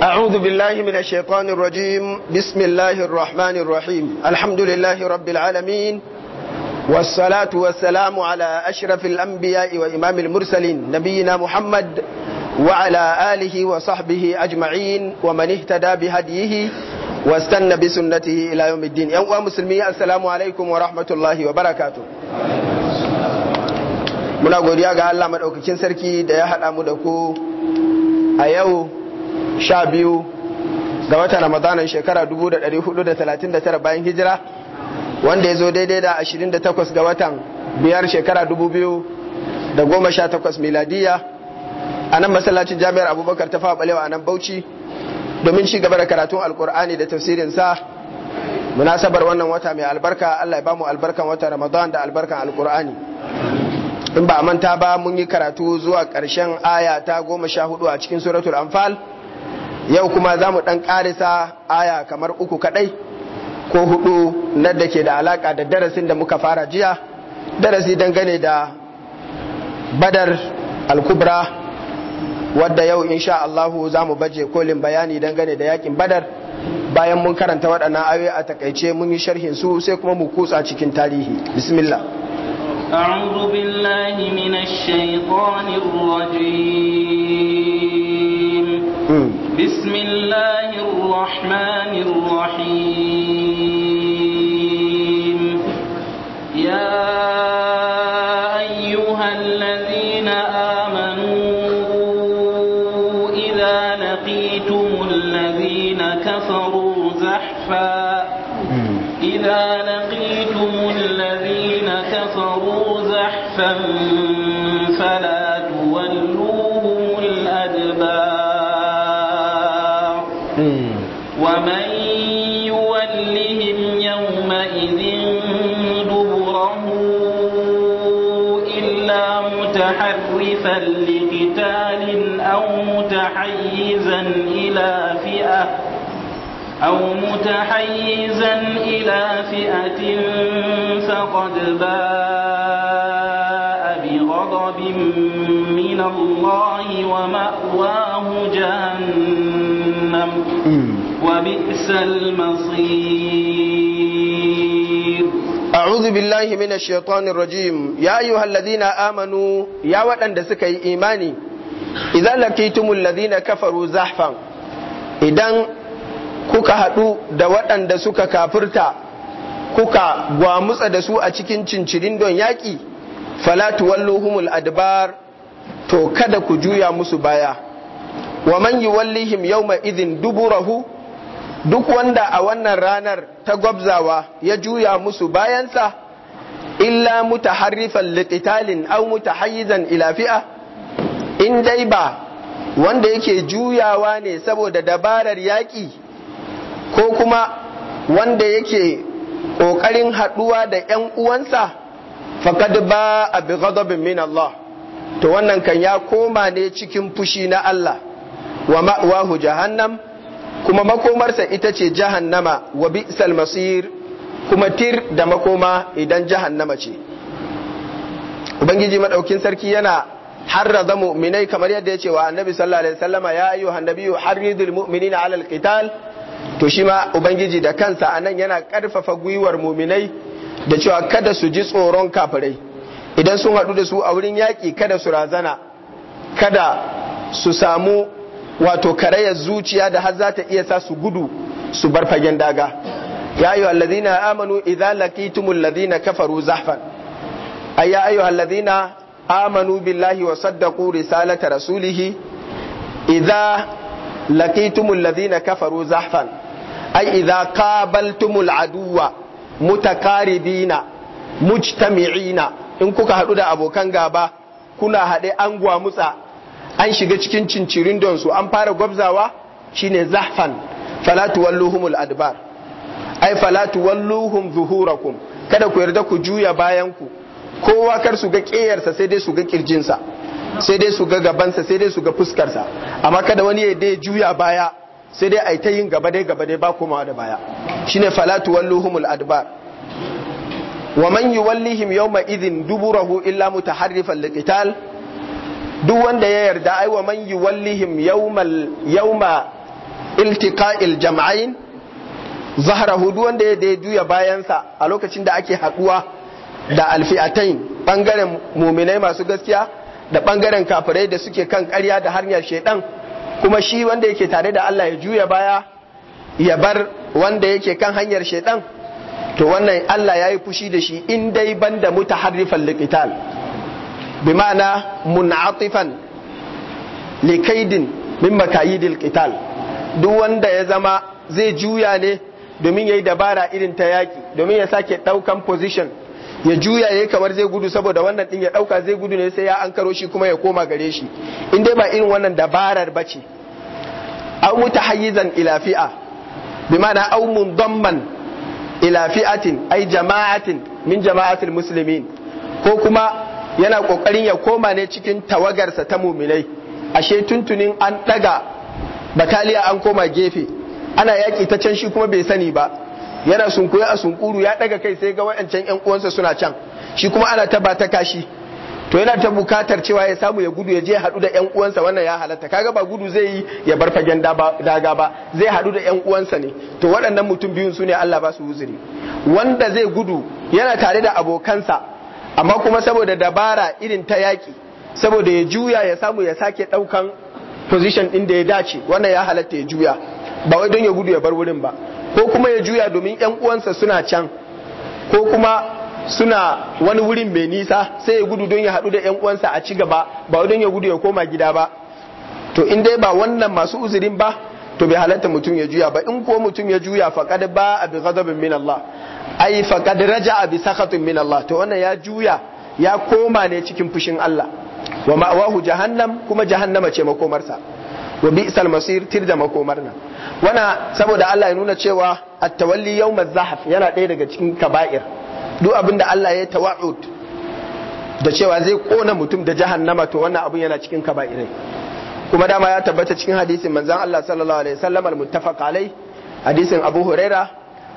أعوذ بالله من الشيطان الرجيم بسم الله الرحمن الرحيم الحمد لله رب العالمين والصلاة والسلام على أشرف الأنبياء وإمام المرسلين نبينا محمد وعلى آله وصحبه أجمعين ومن اهتدى بهديه واستنى بسنته إلى يوم الدين يا مسلمين السلام عليكم ورحمة الله وبركاته muna godiya ga Allah madaukakin sarki da ya haɗa mu da ku a yau sha biyu ga wata ramadanin shekara 1439 bayan hijira wanda ya zo daidai da 28 ga watan biyar shekara 2018 miladiya a nan masallacin jami'ar abubakar ta fa balewa a nan bauchi domin ci gaba da karatun alkur'ani da tafsirinsa munasabar wannan wata mai albarka allah ya bamu albarkan wata ramadan da albarkan alkur'ani in ba a manta ba mun yi karatu zuwa karshen aya ta goma sha hudu a cikin suratul anfal yau kuma za mu ɗan ƙarisa aya kamar uku kaɗai ko hudu na da ke da alaƙa da darasin da muka fara jiya darasi dangane da badar alkubra wadda yau insha Allahu za mu baje kolin bayani dangane da yakin badar bayan mun karanta waɗannan ayoyi a takaice mun yi sharhin su sai kuma mu kutsa cikin tarihi bismillah أعوذ بالله من الشيطان الرجيم بسم الله الرحمن الرحيم يا أيها الذين آمنوا إذا لقيتم الذين كفروا زحفا إذا لقيتم الذين كفروا زحفا فلا متحيزا إلى فئة أو متحيزا إلى فئة فقد باء بغضب من الله ومأواه جهنم وبئس المصير أعوذ بالله من الشيطان الرجيم يا أيها الذين آمنوا يا ودن سكي إيماني idan lakitumul ladina kafaru zahfan idan kuka haɗu da waɗanda suka kafirta kuka gwamutsa da su a cikin cincirin don yaƙi falatu walluhumul adbar to kada ku juya musu baya wa man yuwallihim yawma idhin duburahu duk wanda a wannan ranar ta gwabzawa ya juya musu bayansa illa mutaharrifan liqitalin aw mutahayyizan ila fi'a in dai ba wanda yake juyawa ne saboda dabarar yaƙi ko kuma wanda yake ƙoƙarin haɗuwa da ‘yan uwansa faƙad ba a bi min Allah to wannan kan ya koma ne cikin fushi na Allah wa ma'wahu jahannam kuma makomarsa ita ce jahannama wa bi masir kuma tir da makoma idan jahannama ce ubangiji maɗaukin sarki yana harraza mu'minai kamar yadda ya ce wa annabi sallallahu alaihi wasallam ya ayu annabiyyu harridul mu'minina ala alqital to shi ma ubangiji da kansa anan yana karfafa gwiwar mu'minai da cewa kada su ji tsoron kafirai idan sun haɗu da su a wurin yaki kada su razana kada su samu wato karayar zuciya da har zata iya sa su gudu su bar fagen daga ya ayu ladina amanu idza laqitumul ladina kafaru zahfan ayya ya ayyuhal amanu billahi wa saddaqu risalata rasulihi idza laqitumul ladhina kafaru zahfan ay idza qabaltumul aduwa mutakaribina mujtami'ina in kuka hadu da abokan gaba kuna haɗe an gwamutsa an shiga cikin cincirin donsu an fara gwabzawa shine zahfan fala tuwalluhumul adbar ai fala tuwalluhum zuhurakum kada ku yarda ku juya bayan ku kowa kar su ga ƙeyarsa sai dai su ga kirjinsa sai dai su ga gabansa sai dai su ga fuskarsa amma kada wani ya dai juya baya sai dai a yi ta yin gaba dai gaba dai ba komawa da baya shine falatu walluhumul adbar wa man yuwallihim yawma idhin duburahu illa mutaharrifan liqital duk wanda ya yarda ai wa man yuwallihim yawmal yawma iltiqa'il jam'ain zahrahu duk wanda ya dai juya bayansa a lokacin da ake haduwa da alfi'atain bangaren muminai masu gaskiya da bangaren kafirai da suke kan karya da hanyar shaidan kuma shi wanda yake tare da Allah ya juya baya ya bar wanda yake kan hanyar shaidan to wannan Allah ya yi fushi da shi in dai banda mutaharrifan liqital bi ma'ana mun'atifan likaidin min makayidil qital duk wanda ya zama zai juya ne domin yayi dabara irin ta yaƙi domin ya sake ɗaukan position ya juya ya yi kamar zai gudu saboda wannan din ya dauka zai gudu ne sai ya karo shi kuma ya koma gare shi in dai ba irin wannan dabarar bace aw mutahayyizan ila fi'a bima'ana aw mundamman ila fi'atin ay jama'atin min jama'atil muslimin ko kuma yana kokarin ya koma ne cikin tawagarsa ta muminai ashe tuntunin an daga bataliya an koma gefe ana yaki ta can shi kuma bai sani ba yana sunkuya a sunkuru ya daga kai sai ga wayancan yan uwansa suna can shi kuma ana ta ba ta kashi to yana ta bukatar cewa ya samu ya gudu ya je haɗu da yan uwansa wannan ya halatta kaga ba gudu zai yi ya bar fagen daga ba zai haɗu da yan uwansa ne to waɗannan mutum biyun su ne Allah ba su uzuri wanda zai gudu yana tare da abokansa amma kuma saboda dabara irin ta yaki saboda ya juya ya samu ya sake ɗaukan position ɗin da ya dace wannan ya halatta ya juya ba wai don ya gudu ya bar wurin ba ko kuma ya juya domin yan uwansa suna can ko kuma suna wani wurin mai nisa sai ya gudu don ya haɗu da yan uwansa a ci gaba ba don ya gudu ya koma gida ba to in dai ba wannan masu uzurin ba to bai halatta mutum ya juya ba in ko mutum ya juya faqad ba a bi ghadabin min Allah ai faqad a bi sakhatin min Allah to wannan ya juya ya koma ne cikin fushin Allah wa ma'awahu jahannam kuma jahannama ce makomarsa wa bi sal masir tir da makomar nan wana saboda Allah ya nuna cewa at-tawalli yawm az yana ɗaya daga cikin kaba'ir duk abin da Allah ya tawa'ud da cewa zai kona mutum da jahannama to wannan abun yana cikin kaba'irai kuma dama ya tabbata cikin hadisin manzon Allah sallallahu alaihi wasallam al-muttafaq alai hadisin Abu Huraira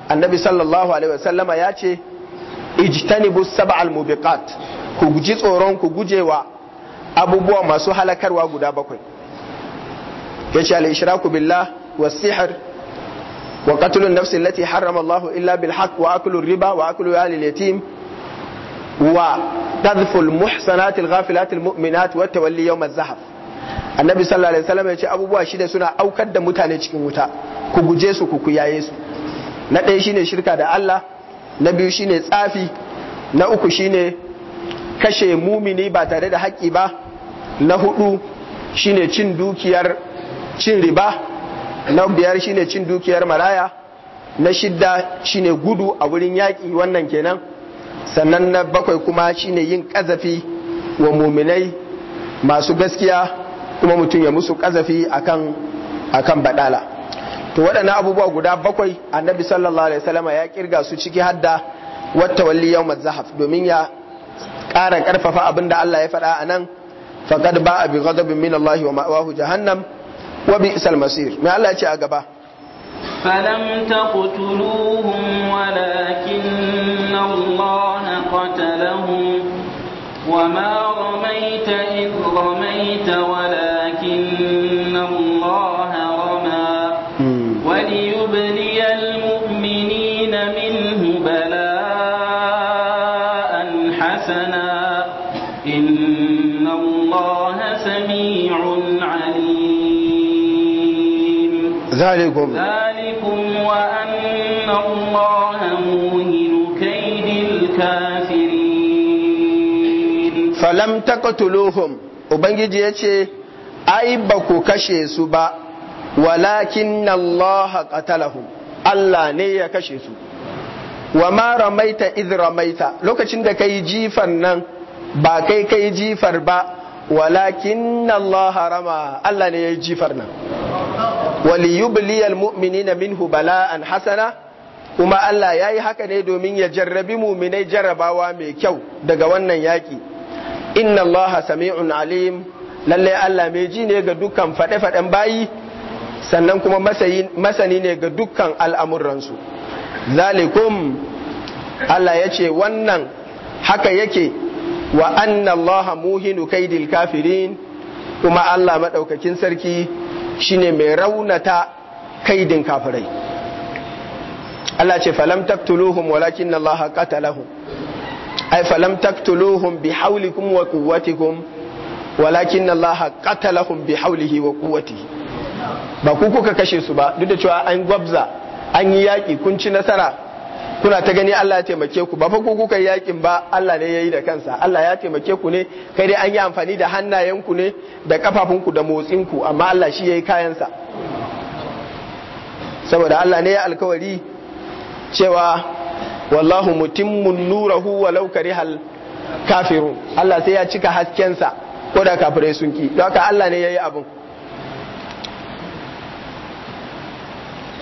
annabi sallallahu alaihi wasallam ya ce ijtanibu sab'al mubiqat ku guji tsoron ku gujewa abubuwa masu halakarwa guda bakwai yace al ishraku billah was sihr wa qatlun nafsin lati Allah illa bil haqq wa aklu riba wa aklu al yatim wa tadful al muhsanat al ghafilat al mu'minat wa tawalli yawm annabi sallallahu alaihi wasallam yace abubuwa shida suna aukar da mutane cikin wuta ku guje su ku kuyaye su na ɗaya shine shirka da Allah na biyu shine tsafi na uku shine kashe mumini ba tare da haƙƙi ba na hudu shine cin dukiyar cin riba na biyar shine cin dukiyar maraya na shidda shine gudu a wurin yaƙi wannan kenan sannan na bakwai kuma shine yin ƙazafi wa muminai masu gaskiya kuma mutum ya musu ƙazafi akan kan baɗala to waɗannan abubuwa guda bakwai annabi sallallahu alaihi wasallama ya kirga su ciki hadda wata walli yawmat zahaf domin ya ƙara ƙarfafa abin da Allah ya faɗa a nan ba a bi ghadabin min Allah wa ma'awahu jahannam wa bi isal masir me Allah ya ce a gaba فلم تقتلوهم ولكن الله قتلهم وما رميت إذ رميت ولكن ذلكم ذلكم وأن الله موهن كيد الكافرين فلم تقتلوهم ubangiji ya ce ai ba ku kashe su ba walakin Allah qatalahum Allah ne ya kashe su wa ma ramaita id lokacin da kai jifar nan ba kai kai jifar ba walakin Allah rama Allah ne ya jifar nan waliyubliya almu'minina minhu bala'an hasana kuma Allah ya yi haka ne domin ya jarrabi muminai jarrabawa mai kyau daga wannan yaƙi inna Allah sami'un alim lalle Allah mai ji ne ga dukkan faɗe-faɗen bayi sannan kuma masani ne ga dukkan al'amuransu zalikum Allah ya ce wannan haka yake wa anna Allah muhinu kaidil kafirin kuma Allah maɗaukakin sarki Shi ne mai raunata kaidin kafirai Allah ce falam taktuluhum walakin Allah qatalahum ai falam taktuluhum haulikum wa quwwatikum walakin Allah qatalahum haulihi wa quwwatihi ba ku kuka kashe su ba duk da cewa an gwabza an yi yaki kun ci nasara kuna ta gani Allah ya taimake ku ba fa ku kuka yakin ba Allah ne yayi da kansa Allah ya taimake ku ne kai dai an yi amfani da hannayenku ne da kafafunku da motsinku amma Allah shi yayi kayansa saboda Allah ne ya alkawari cewa wallahu mutimmun nurahu walau karihal kafirun Allah sai ya cika haskensa ko da kafirai sun ki don haka Allah ne yayi abun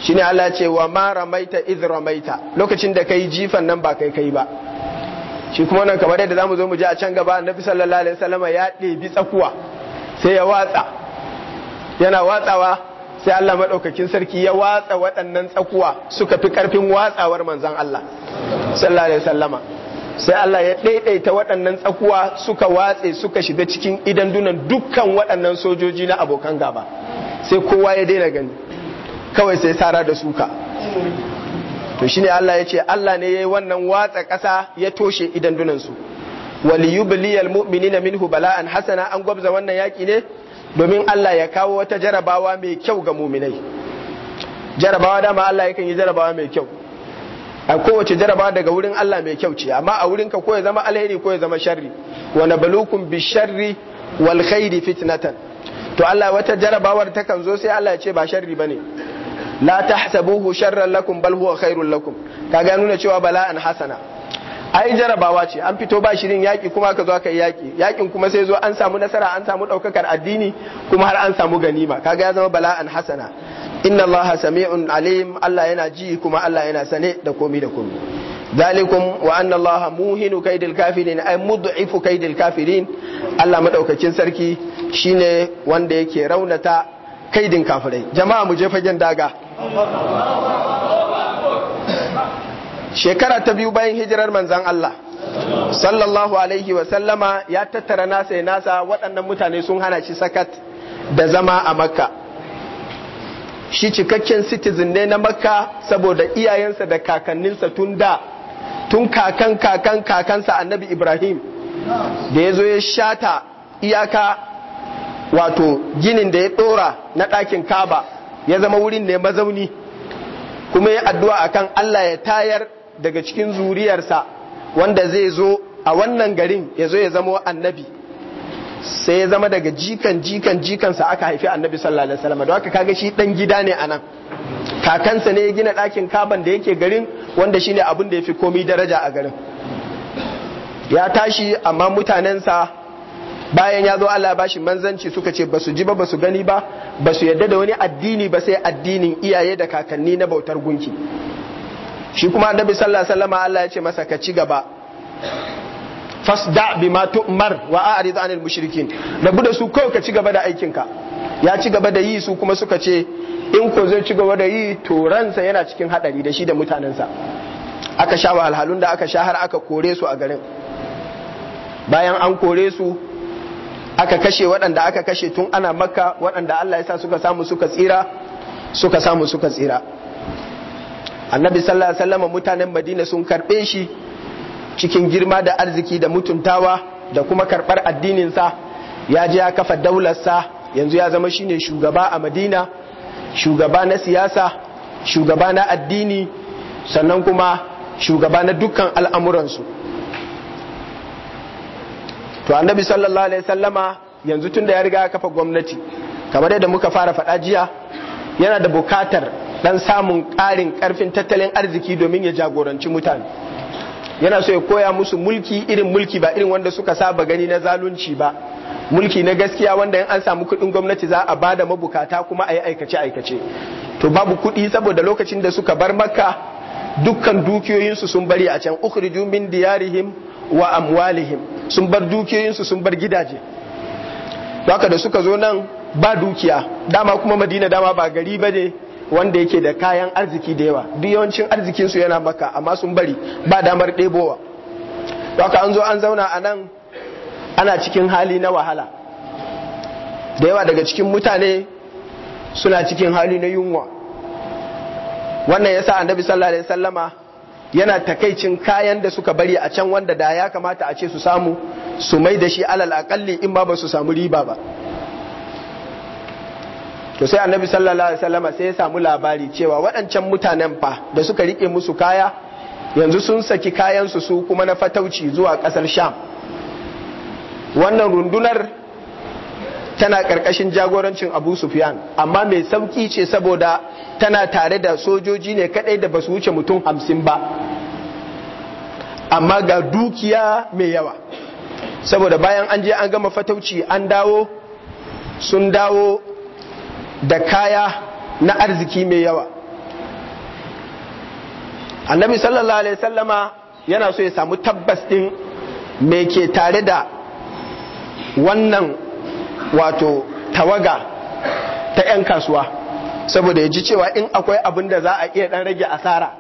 shine Allah ce wa ma ramaita idh ramaita lokacin da kai jifan nan ba kai kai ba shi kuma nan kamar yadda mu zo mu ji a can gaba annabi sallallahu alaihi wasallam ya ɗebi tsakuwa sai ya watsa yana watsawa sai Allah madaukakin sarki ya watsa waɗannan tsakuwa suka fi karfin watsawar manzon Allah sallallahu alaihi wasallama sai Allah ya ɗaiɗaita waɗannan tsakuwa suka watse suka shiga cikin idan dunan dukkan waɗannan sojoji na abokan gaba sai kowa ya daina gani kawai sai sara da suka to shine Allah ya ce Allah ne ya yi wannan watsa ƙasa ya toshe idan dunansu waliyubliyal mu'minina minhu bala'an hasana an gwabza wannan yaki ne domin Allah ya kawo wata jarabawa mai kyau ga muminai jarabawa dama Allah yakan yi jarabawa mai kyau a kowace jarabawa daga wurin Allah mai kyau ce amma a wurinka ko ya zama alheri ko ya zama sharri wa nabluukum bi sharri wal khairi fitnatan to Allah wata jarabawar takan zo sai Allah ya ce ba sharri ne. la ta hasabuhu sharran lakum bal huwa khairul lakum kaga nuna cewa bala'an hasana ai jarabawa ce an fito ba shirin yaki kuma ka zo ka yaki yakin kuma sai zo an samu nasara an samu daukakar addini kuma har an samu ganima kaga ya zama bala'an hasana inna Allah sami'un alim Allah yana ji kuma Allah yana sane da komi da komi zalikum wa anna Allah muhinu kaidil kafirin ay mud'ifu kaidil kafirin Allah madaukakin sarki shine wanda yake raunata kaidin kafirai jama'a mu je fagen daga shekara ta biyu bayan hijirar manzan Allah sallallahu alaihi wa sallama ya tattara nasa ya nasa waɗannan mutane sun hana shi sakat da zama a makka shi cikakken citizen ne na makka saboda iyayensa da kakanninsa tun da tun kakan kakan kakansa annabi ibrahim da ya zo ya shata iyaka wato ginin da ya ɗora na ɗakin kaba ya zama wurin ne mazauni kuma ya addu'a akan Allah ya tayar daga cikin zuriyarsa wanda zai zo a wannan garin ya zo ya zama annabi sai ya zama daga jikan jikan jikansa aka haifi annabi sallallahu alaihi wasallam don haka kaga shi dan gida ne anan kakansa ne ya gina ɗakin kaban da yake garin wanda shine abin da ya fi komai daraja a garin ya tashi amma mutanensa bayan ya zo Allah bashi manzanci suka ce basu ji ba basu gani ba basu yadda da wani addini ba sai addinin iyaye da kakanni na bautar gunki shi kuma annabi sallallahu alaihi wasallam Allah ya ce masa ka ci gaba fasda bima tu'mar wa a'rid anil mushrikin rabu da su ko ka ci gaba da aikinka ya ci gaba da yi su kuma suka ce in ko zai ci gaba da yi to ransa yana cikin hadari da shi da mutanensa aka sha alhalun da aka sha har aka kore su a garin bayan an kore su aka kashe waɗanda aka kashe tun ana maka waɗanda Allah ya sa suka samu suka tsira suka samu suka tsira annabi sallallahu alaihi wasallam mutanen madina sun karɓe shi cikin girma da arziki da mutuntawa da kuma karɓar addininsa ya je ya kafa daularsa yanzu ya zama shine shugaba a madina shugaba na siyasa shugaba na addini sannan kuma shugaba na dukkan al'amuransu to annabi sallallahu alaihi sallama yanzu tun da ya riga kafa gwamnati kamar yadda muka fara faɗa jiya yana da bukatar dan samun ƙarin ƙarfin tattalin arziki domin ya jagoranci mutane yana so ya koya musu mulki irin mulki ba irin wanda suka saba gani na zalunci ba mulki na gaskiya wanda in an samu kuɗin gwamnati za a bada mabukata kuma a yi aikace aikace to babu kuɗi saboda lokacin da suka bar makka dukkan dukiyoyinsu sun bari a can ukhrijum min diyarihim wa amwalihim sun bar dukiyoyinsu sun bar gidaje haka da suka zo nan ba dukiya dama kuma madina dama ba gari ba ne wanda yake da kayan arziki da yawa duk yawancin arzikinsu yana maka amma sun bari ba damar ɗebowa haka an zo an zauna a nan ana cikin hali na wahala da yawa daga cikin mutane suna cikin hali na yunwa wannan yasa annabi sallallahu alaihi sallama yana takaicin kayan da suka bari a can wanda da ya kamata a ce su samu su mai da shi alal akalli in ba su samu riba ba to sai annabi sallallahu alaihi wasallama sai ya samu labari cewa waɗancan mutanen fa da suka riƙe musu kaya yanzu sun saki kayansu su kuma na fatauci zuwa ƙasar sham wannan rundunar tana ƙarƙashin jagorancin Abu Sufyan amma mai sauki ce saboda tana tare da sojoji ne kadai da basu wuce mutum hamsin ba amma ga dukiya mai yawa saboda bayan an je an gama fatauci an dawo sun dawo da kaya na arziki mai yawa annabi sallallahu alaihi sallama yana so ya samu tabbas ɗin me ke tare da wannan wato tawaga ta 'yan kasuwa saboda ya ji cewa in akwai abin da za a iya dan rage asara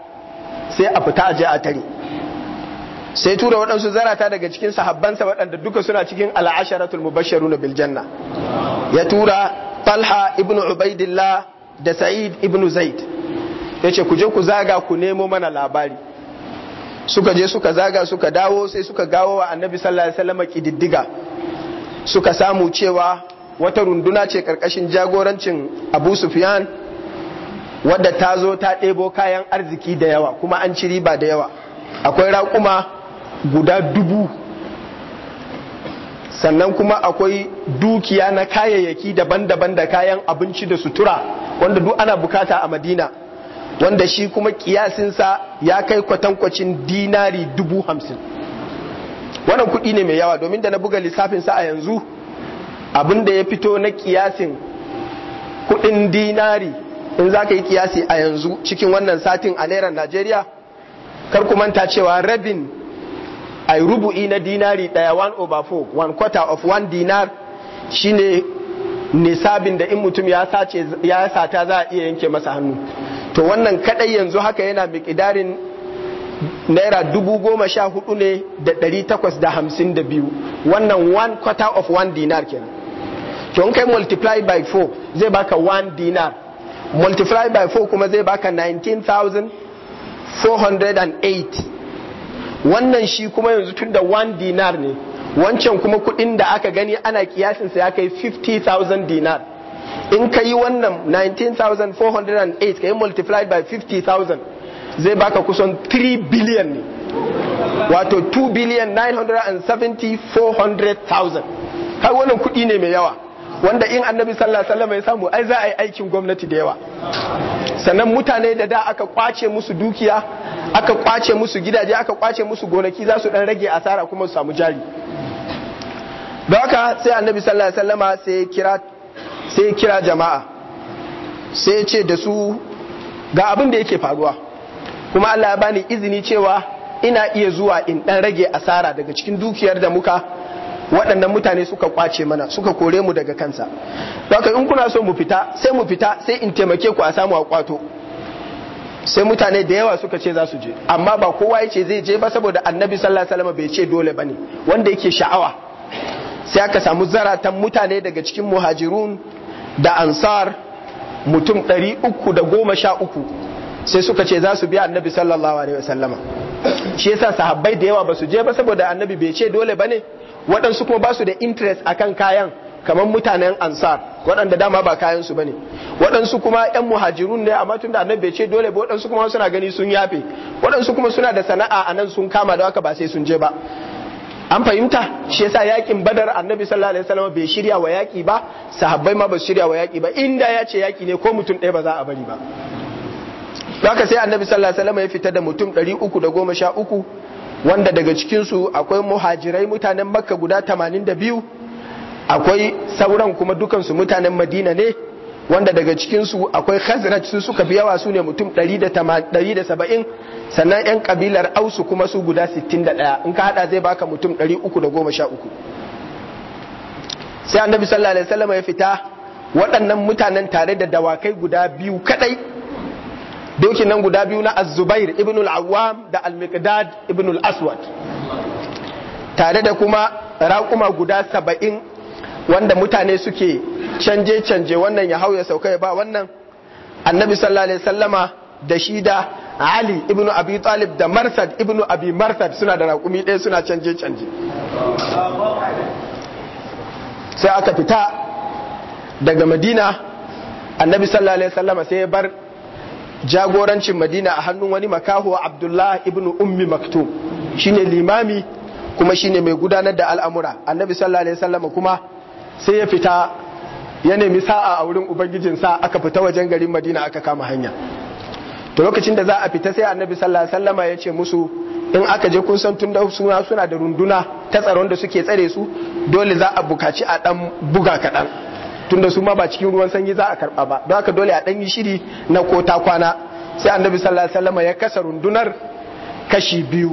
sai a fita aje a tare sai tura waɗansu zarata daga cikin sahabbansa waɗanda duka suna cikin al'asharatul mubashsharuna bil janna ya tura Falha ibn ubaidillah da sa'id ibn zaid yace ku je ku zaga ku nemo mana labari suka je suka zaga suka dawo sai suka gawo wa annabi sallallahu alaihi wasallam kididdiga suka samu cewa wata runduna ce ƙarƙashin jagorancin abu sufyan wadda ta zo ta ɗebo kayan arziki da yawa kuma an ci riba da yawa akwai raƙuma guda dubu sannan kuma akwai dukiya na kayayyaki daban-daban da kayan abinci da sutura wanda duk ana bukata a madina wanda shi kuma kiyasinsa ya kai kwatankwacin dinari dubu hamsin wannan kuɗi ne mai yawa domin da na buga lissafinsa a yanzu abin da ya fito na kiyasin kuɗin dinari in za ka yi kiyasi a yanzu cikin wannan satin a naira najeriya kar ku manta cewa rabin a rubu'i na dinari ɗaya one over four one quarter of one dinar shine nisabin da in mutum ya sace sata za a iya yanke masa hannu to wannan kadai yanzu haka yana miƙidarin naira dubu goma sha hudu ne da ɗari takwas da hamsin da biyu wannan one quarter of one dinar kenan to in kai multiply by four zai baka one dinar multiply by four kuma zai baka 19,408 wannan shi kuma yanzu tun da one dinar ne wancan kuma kudin da aka gani ana kiyasinsa ya kai 50,000 dinar in ka yi wannan 19,408 ka yi multiply by 50,000 zai baka kusan 3 biliyan ne wato 2 biliyan 974,000 har wannan kudi ne mai yawa wanda in annabi sallallahu alaihi wasallam ya samu ai za a yi aikin gwamnati da yawa sannan mutane da da aka kwace musu dukiya aka kwace musu gidaje aka kwace musu gonaki za su dan rage asara kuma su samu jari da haka sai annabi sallallahu alaihi sai kira sai kira jama'a sai ya ce da su ga abin da yake faruwa kuma Allah ya bani izini cewa ina iya zuwa in dan rage asara daga cikin dukiyar da muka waɗannan mutane suka kwace mana suka kore mu daga kansa haka in kuna so mu fita sai mu fita sai in taimake ku a samu a kwato sai mutane da yawa suka ce za su je amma ba kowa ya ce zai je ba saboda annabi sallallahu alaihi wasallam bai ce dole bane wanda yake sha'awa sai aka samu zaratan mutane daga cikin muhajirun da ansar mutum ɗari uku da goma sha uku sai suka ce za su biya annabi sallallahu alaihi wasallama shi yasa sahabbai da yawa ba su je ba saboda annabi bai ce dole bane waɗansu kuma ba su da interest akan kayan kamar mutanen ansar waɗanda dama ba kayan su bane waɗansu kuma yan muhajirun ne amma tunda annabi bai ce dole ba waɗansu kuma suna gani sun yafe waɗansu kuma suna da sana'a anan sun kama da waka ba sai sun je ba an fahimta shi yasa yakin badar annabi sallallahu alaihi wasallam bai shirya wa yaki ba sahabbai ma ba su shirya wa yaki ba inda ya ce yaki ne ko mutum ɗaya ba za a bari ba haka sai annabi sallallahu alaihi wasallam ya fita da mutum 313 wanda daga cikinsu akwai muhajirai mutanen makka guda 82 akwai sauran kuma dukansu mutanen madina ne wanda daga cikinsu akwai khazraj su suka fi yawa su ne mutum 170 sannan 'yan kabilar ausu kuma su guda 61 in ka hada zai baka mutum 313 sai annabi sallallahu alaihi wasallam ya fita waɗannan mutanen tare da dawakai guda biyu kadai dokin nan guda biyu na az-zubair ibn al-awwam da al-miqdad ibn al-aswad tare da kuma raƙuma guda saba'in wanda mutane suke canje canje wannan ya hau ya sauka ya ba wannan annabi sallallahu alaihi sallama da shi da ali ibn abi talib da marsad ibn abi marsad suna da raƙumi ɗaya suna canje canje sai aka fita daga madina annabi sallallahu alaihi sallama sai ya bar jagorancin madina a hannun wani makaho Abdullahi ibn ummi maktum shine limami kuma shine mai gudanar da al'amura annabi sallallahu alaihi wasallam kuma sai ya fita ya nemi sa'a a wurin ubangijinsa aka fita wajen garin madina aka kama hanya to lokacin da za a fita sai annabi sallallahu alaihi ya ce musu in aka je kun san tun da suna suna da runduna ta tsaron da suke tsare su dole za a bukaci a dan buga kaɗan tunda su ma ba cikin ruwan sanyi za a karba ba don haka dole a dan yi shiri na ko ta kwana sai annabi sallallahu alaihi wasallam ya kasa rundunar kashi biyu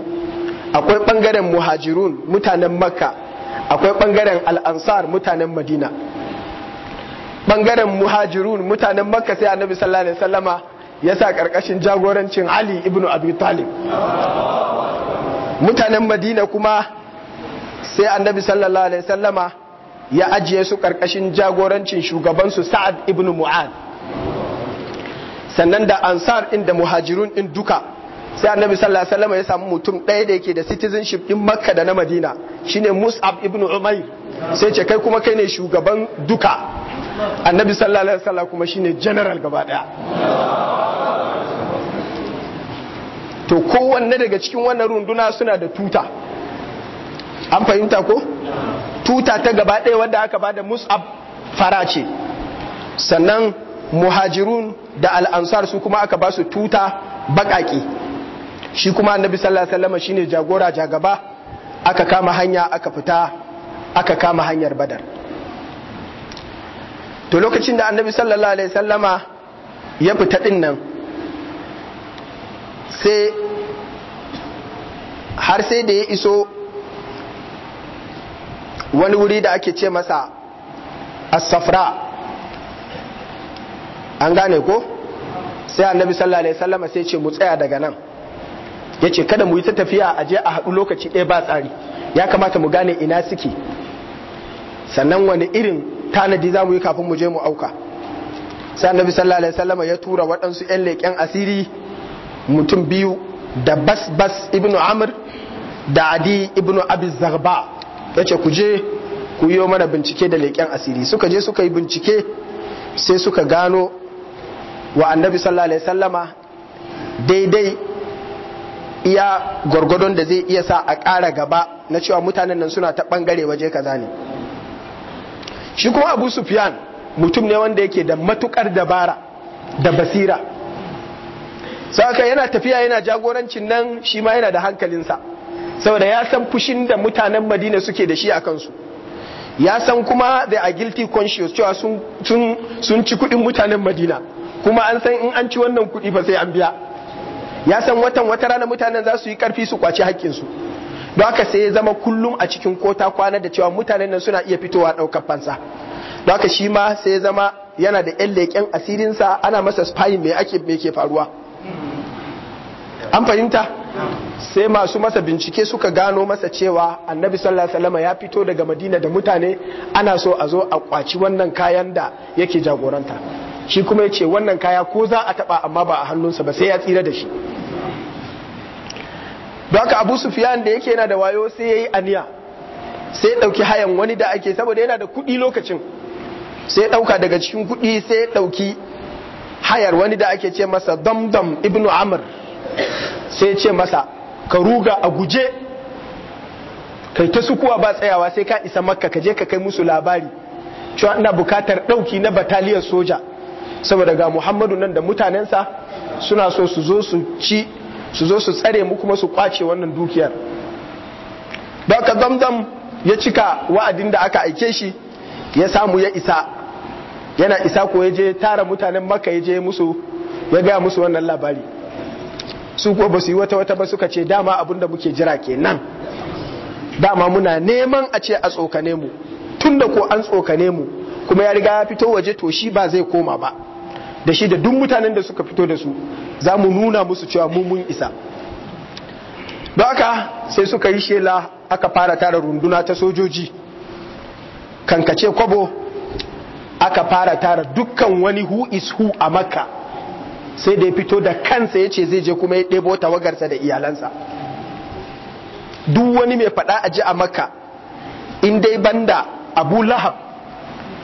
akwai bangaren muhajirun mutanen makka akwai bangaren al'ansar mutanen madina bangaren muhajirun mutanen makka sai annabi sallallahu alaihi wasallam ya sa karkashin jagorancin ali ibnu abi talib mutanen madina kuma sai annabi sallallahu alaihi wasallam ya ajiye su karkashin jagorancin shugabansu sa'ad ibn mu'ad sannan da ansar ɗin da muhajirun ɗin duka sai annabi sallallahu alaihi wasallam ya samu mutum ɗaya da yake da citizenship ɗin makka da na madina shine mus'ab ibn umair sai ce kai kuma kai ne shugaban duka annabi sallallahu alaihi wasallam kuma shine general gaba daya to kowanne daga cikin wannan runduna suna da tuta an fahimta ko tuta ta gaba ɗaya wadda aka da mus'ab fara ce sannan muhajirun da al'ansar su kuma aka ba su tuta baƙaƙi shi kuma annabi sallallahu alaihi wasallam shine jagora jagaba aka kama hanya aka fita aka kama hanyar badar to lokacin da annabi sallallahu alaihi sallama ya fita din nan sai har sai da ya iso wani wuri da ake ce masa as-safra an gane ko sai annabi sallallahu alaihi wasallam sai ce mu tsaya daga nan yace kada mu yi ta tafiya a je a haɗu lokaci ɗaya ba tsari ya kamata mu gane ina suke sannan wani irin tanadi za mu yi kafin mu je mu auka sai annabi sallallahu alaihi wasallam ya tura waɗansu 'yan leƙen asiri mutum biyu da bas bas ibnu amr da adi ibnu abi zarba ya ce ku je ku yi mana bincike da leƙen asiri suka je suka yi bincike sai suka gano wa annabi sallallahu alaihi sallama daidai iya gwargwadon da zai iya sa a ƙara gaba na cewa mutanen nan suna ta ɓangare waje kaza ne shi kuma abu sufyan mutum ne wanda yake da matukar dabara da basira saka yana tafiya yana jagorancin nan shi ma yana da hankalinsa saboda ya san fushin da mutanen madina suke da shi a kansu ya san kuma da a guilty conscious cewa sun ci kudin mutanen madina kuma an san in an ci wannan kudi fa sai an biya ya san watan wata rana mutanen za su yi karfi su kwaci haƙƙinsu don haka sai ya zama kullum a cikin kota kwana da cewa mutanen nan suna iya fitowa ɗaukar fansa don haka shi ma sai ya zama yana da yan leƙen asirinsa ana masa spying mai ake me ke faruwa an fahimta sai masu masa bincike suka gano masa cewa annabi sallallahu alaihi wasallam ya fito daga madina da mutane ana so a zo a kwaci wannan kayan da yake jagoranta shi kuma ya ce wannan kaya ko za a taba amma ba a hannunsa ba sai ya tsira da shi don haka abu sufiyan da yake yana da wayo sai ya yi aniya sai ya ɗauki hayan wani da ake saboda yana da kuɗi lokacin sai ya ɗauka daga cikin kuɗi sai ya ɗauki hayar wani da ake ce masa damdam ibnu amr sai ce masa ka ruga a guje kai ta sukuwa ba tsayawa sai ka isa makka ka je ka kai musu labari cewa ina bukatar ɗauki na bataliyar soja saboda ga muhammadu nan da mutanensa suna so su zo su ci su zo su tsare mu kuma su kwace wannan dukiyar don ka zamzam ya cika wa'adin da aka aike shi ya samu ya isa yana isa ko ya je tara mutanen makka ya je musu ya gaya musu wannan labari su ko ba su yi wata wata ba suka ce dama abin da muke jira ke nan. dama muna neman a ce a tsokane mu tun da ko an tsokane mu kuma ya riga ya fito waje to shi ba zai koma ba da shi da duk mutanen da suka fito da su za mu nuna musu cewa mu mun isa don haka sai suka yi shela aka fara tara runduna ta sojoji kankace kwabo aka fara tara dukkan wani who is who a makka sai da ya fito da kansa ya ce zai je kuma ya ɗebo tawagarsa da iyalansa duk wani mai faɗa a ji a maka in dai banda abu lahab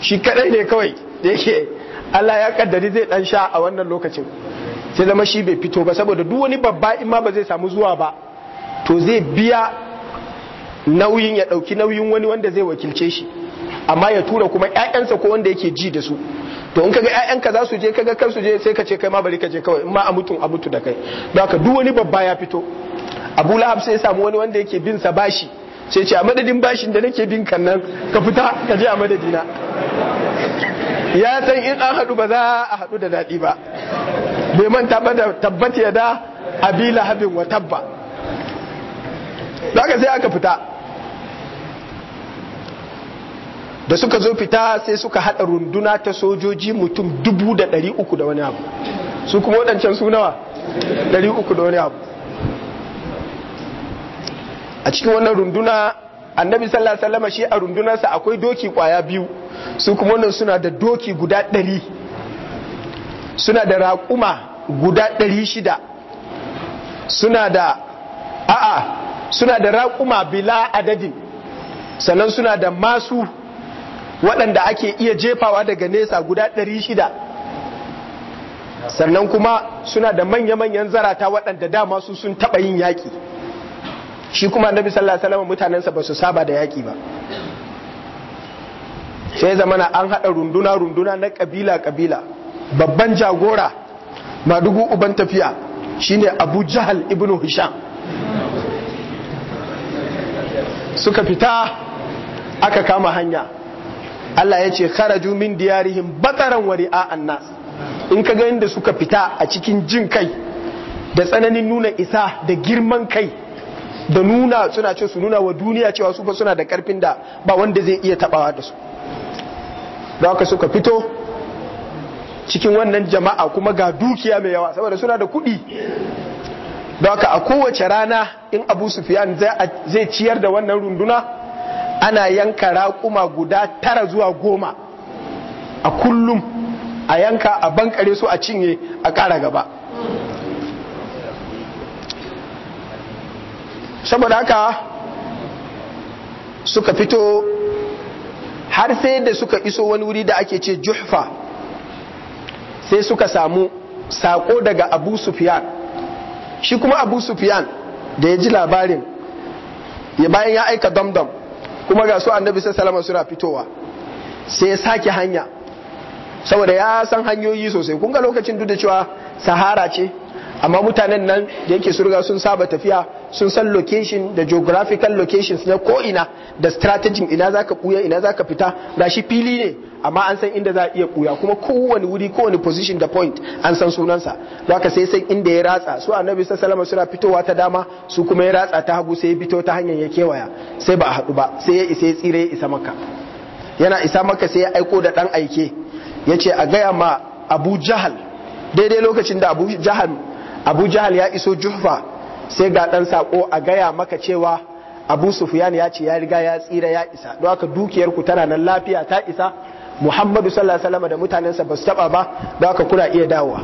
shi kadai ne kawai da yake allah ya kaddari zai ɗan sha a wannan lokacin sai zama shi bai fito ba saboda duk wani babba in ma ba zai samu zuwa ba to zai biya nauyin ya ɗauki nauyin wani wanda zai wakilce shi amma ya tura kuma ƴaƴansa ko wanda yake ji da su to in kaga ƴaƴanka za su je kaga kar su je sai ka ce kai ma bari ka je kawai in ma a mutu a mutu da kai don haka duk wani babba ya fito Abu Lahab sai ya samu wani wanda yake bin sa bashi sai ce a madadin bashin da nake bin kan nan ka fita ka je a madadina ya san in an haɗu ba za a haɗu da daɗi ba bai manta ba da tabbata ya da abi lahabin wa tabba da sai aka fita da suka zo fita sai suka haɗa runduna ta sojoji mutum dubu da ɗari uku da wani abu su kuma waɗancan sunawa ɗari uku da wani abu a cikin wannan runduna annabi sallallahu alaihi wasallam shi a rundunarsa akwai doki kwaya biyu su kuma wannan suna da doki guda ɗari suna da raƙuma guda ɗari shida suna da a'a suna da raƙuma bila adadin sannan suna da masu waɗanda ake iya jefawa daga nesa guda ɗari shida sannan kuma suna da manya-manyan zarata waɗanda dama su sun taɓa yin yaƙi shi kuma na sallallahu alaihi mutanensa ba su saba da yaƙi ba sai zamana an haɗa runduna-runduna na ƙabila-ƙabila babban jagora madugu uban tafiya shine abu jahal ibn hisham suka fita aka kama hanya Allah ya ce kharaju min diyarihim bataran wa ri'a'an nas in ka ga inda suka fita a cikin jin kai da tsananin nuna isa da girman kai da nuna suna ce su nuna wa duniya cewa su fa suna da karfin da ba wanda zai iya tabawa da su da haka suka fito cikin wannan jama'a kuma ga dukiya mai yawa saboda suna da kuɗi da haka a kowace rana in abu sufiyan zai ciyar da wannan runduna ana yanka raƙuma guda tara zuwa goma a kullum a yanka a bankare su a cinye a ƙara gaba saboda haka suka fito har sai da suka iso wani wuri da ake ce juhfa sai suka samu saƙo daga abu sufiyan shi kuma abu sufiyan da ya ji labarin ya bayan ya aika damdam kuma ga su annabi salama suna fitowa sai ya sake hanya saboda ya san hanyoyi sosai kun ga lokacin duk da cewa sahara ce amma mutanen nan da yake surga sun saba tafiya sun san location da geographical locations na ko ina da strategy ina za ka buya ina za ka fita shi fili ne amma an san inda za a iya buya kuma kowane wuri kowane position da point an san sunansa ka sai san inda ya ratsa su annabi sallallahu alaihi suna fitowa ta dama su kuma ya ratsa ta hagu sai ya fito ta hanyar ya kewaya sai ba a haɗu ba sai ya isa ya tsire ya isa maka yana isa maka sai ya aiko da dan aike yace a gaya ma Abu Jahal daidai lokacin da Abu Jahal abu jahal ya iso juhfa sai ga ɗan sako a gaya maka cewa abu sufyan ya ce ya riga ya tsira ya isa don haka ku tana nan lafiya ta isa muhammadu sallallahu alaihi wasallam da mutanensa ba su taɓa ba don haka kuna iya dawowa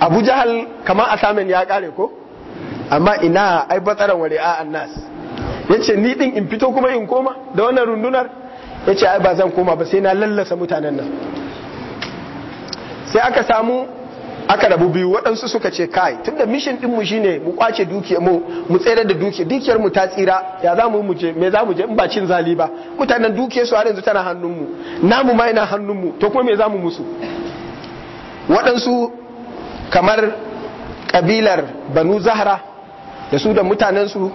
abu jahal a asamin ya kare ko amma ina ai batsaran wa ri'a annas yace ni din in fito kuma in koma da wannan rundunar yace ai ba zan koma ba sai na lallasa mutanen nan sai aka samu aka rabu biyu waɗansu suka ce kai tunda mission din mu shine mu kwace dukiyar mu mu tsere da dukiyar dukiyar mu ta tsira ya za mu muje me za mu je in ba cin zali ba mutanen dukiyar su har yanzu tana hannun namu ma yana hannun mu to kuma me za mu musu waɗansu kamar kabilar banu zahra da su da mutanensu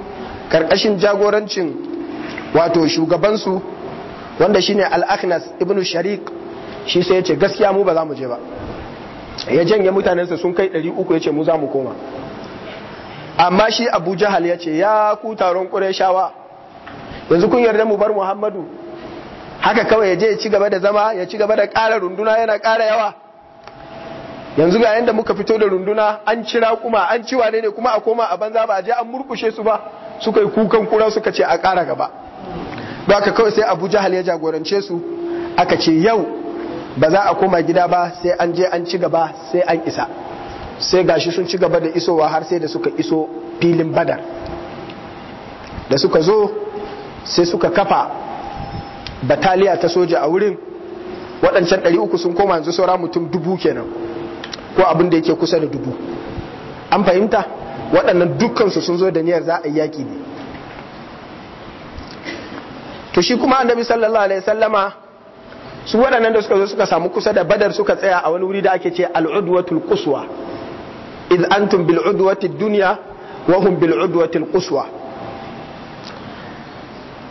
karkashin jagorancin wato shugabansu wanda shine al-aknas ibnu sharik shi sai ya ce gaskiya mu ba za mu je ba ya janye mutanensa sun kai 300 ya ce mu za mu koma amma shi abu jahal ya ce ya ku taron ƙureshawa yanzu kun yarda mu bar muhammadu haka kawai ya je ya ci gaba da zama ya ci gaba da ƙara runduna yana ƙara yawa yanzu ga yanda muka fito da runduna an cira kuma an ci wane ne kuma a koma a banza ba a je an murkushe su ba suka yi kukan kura suka ce a ƙara gaba ba ka kawai sai abu jahal ya jagorance su aka ce yau ba za a koma gida ba sai an je an ci gaba sai an isa sai gashi sun ci gaba da isowa har sai da suka iso filin badar da suka zo sai suka kafa bataliya ta soja a wurin waɗancan 300 sun koma yanzu saura mutum dubu kenan ko abin da yake kusa da dubu an fahimta waɗannan dukkansu sun zo da niyyar za a yi yaƙi ne to shi kuma annabi sallallahu alaihi sallama su waɗannan da suka zo suka samu kusa da badar suka tsaya a wani wuri da ake ce al'udwatul quswa id antum bil udwati dunya wa hum bil udwatil quswa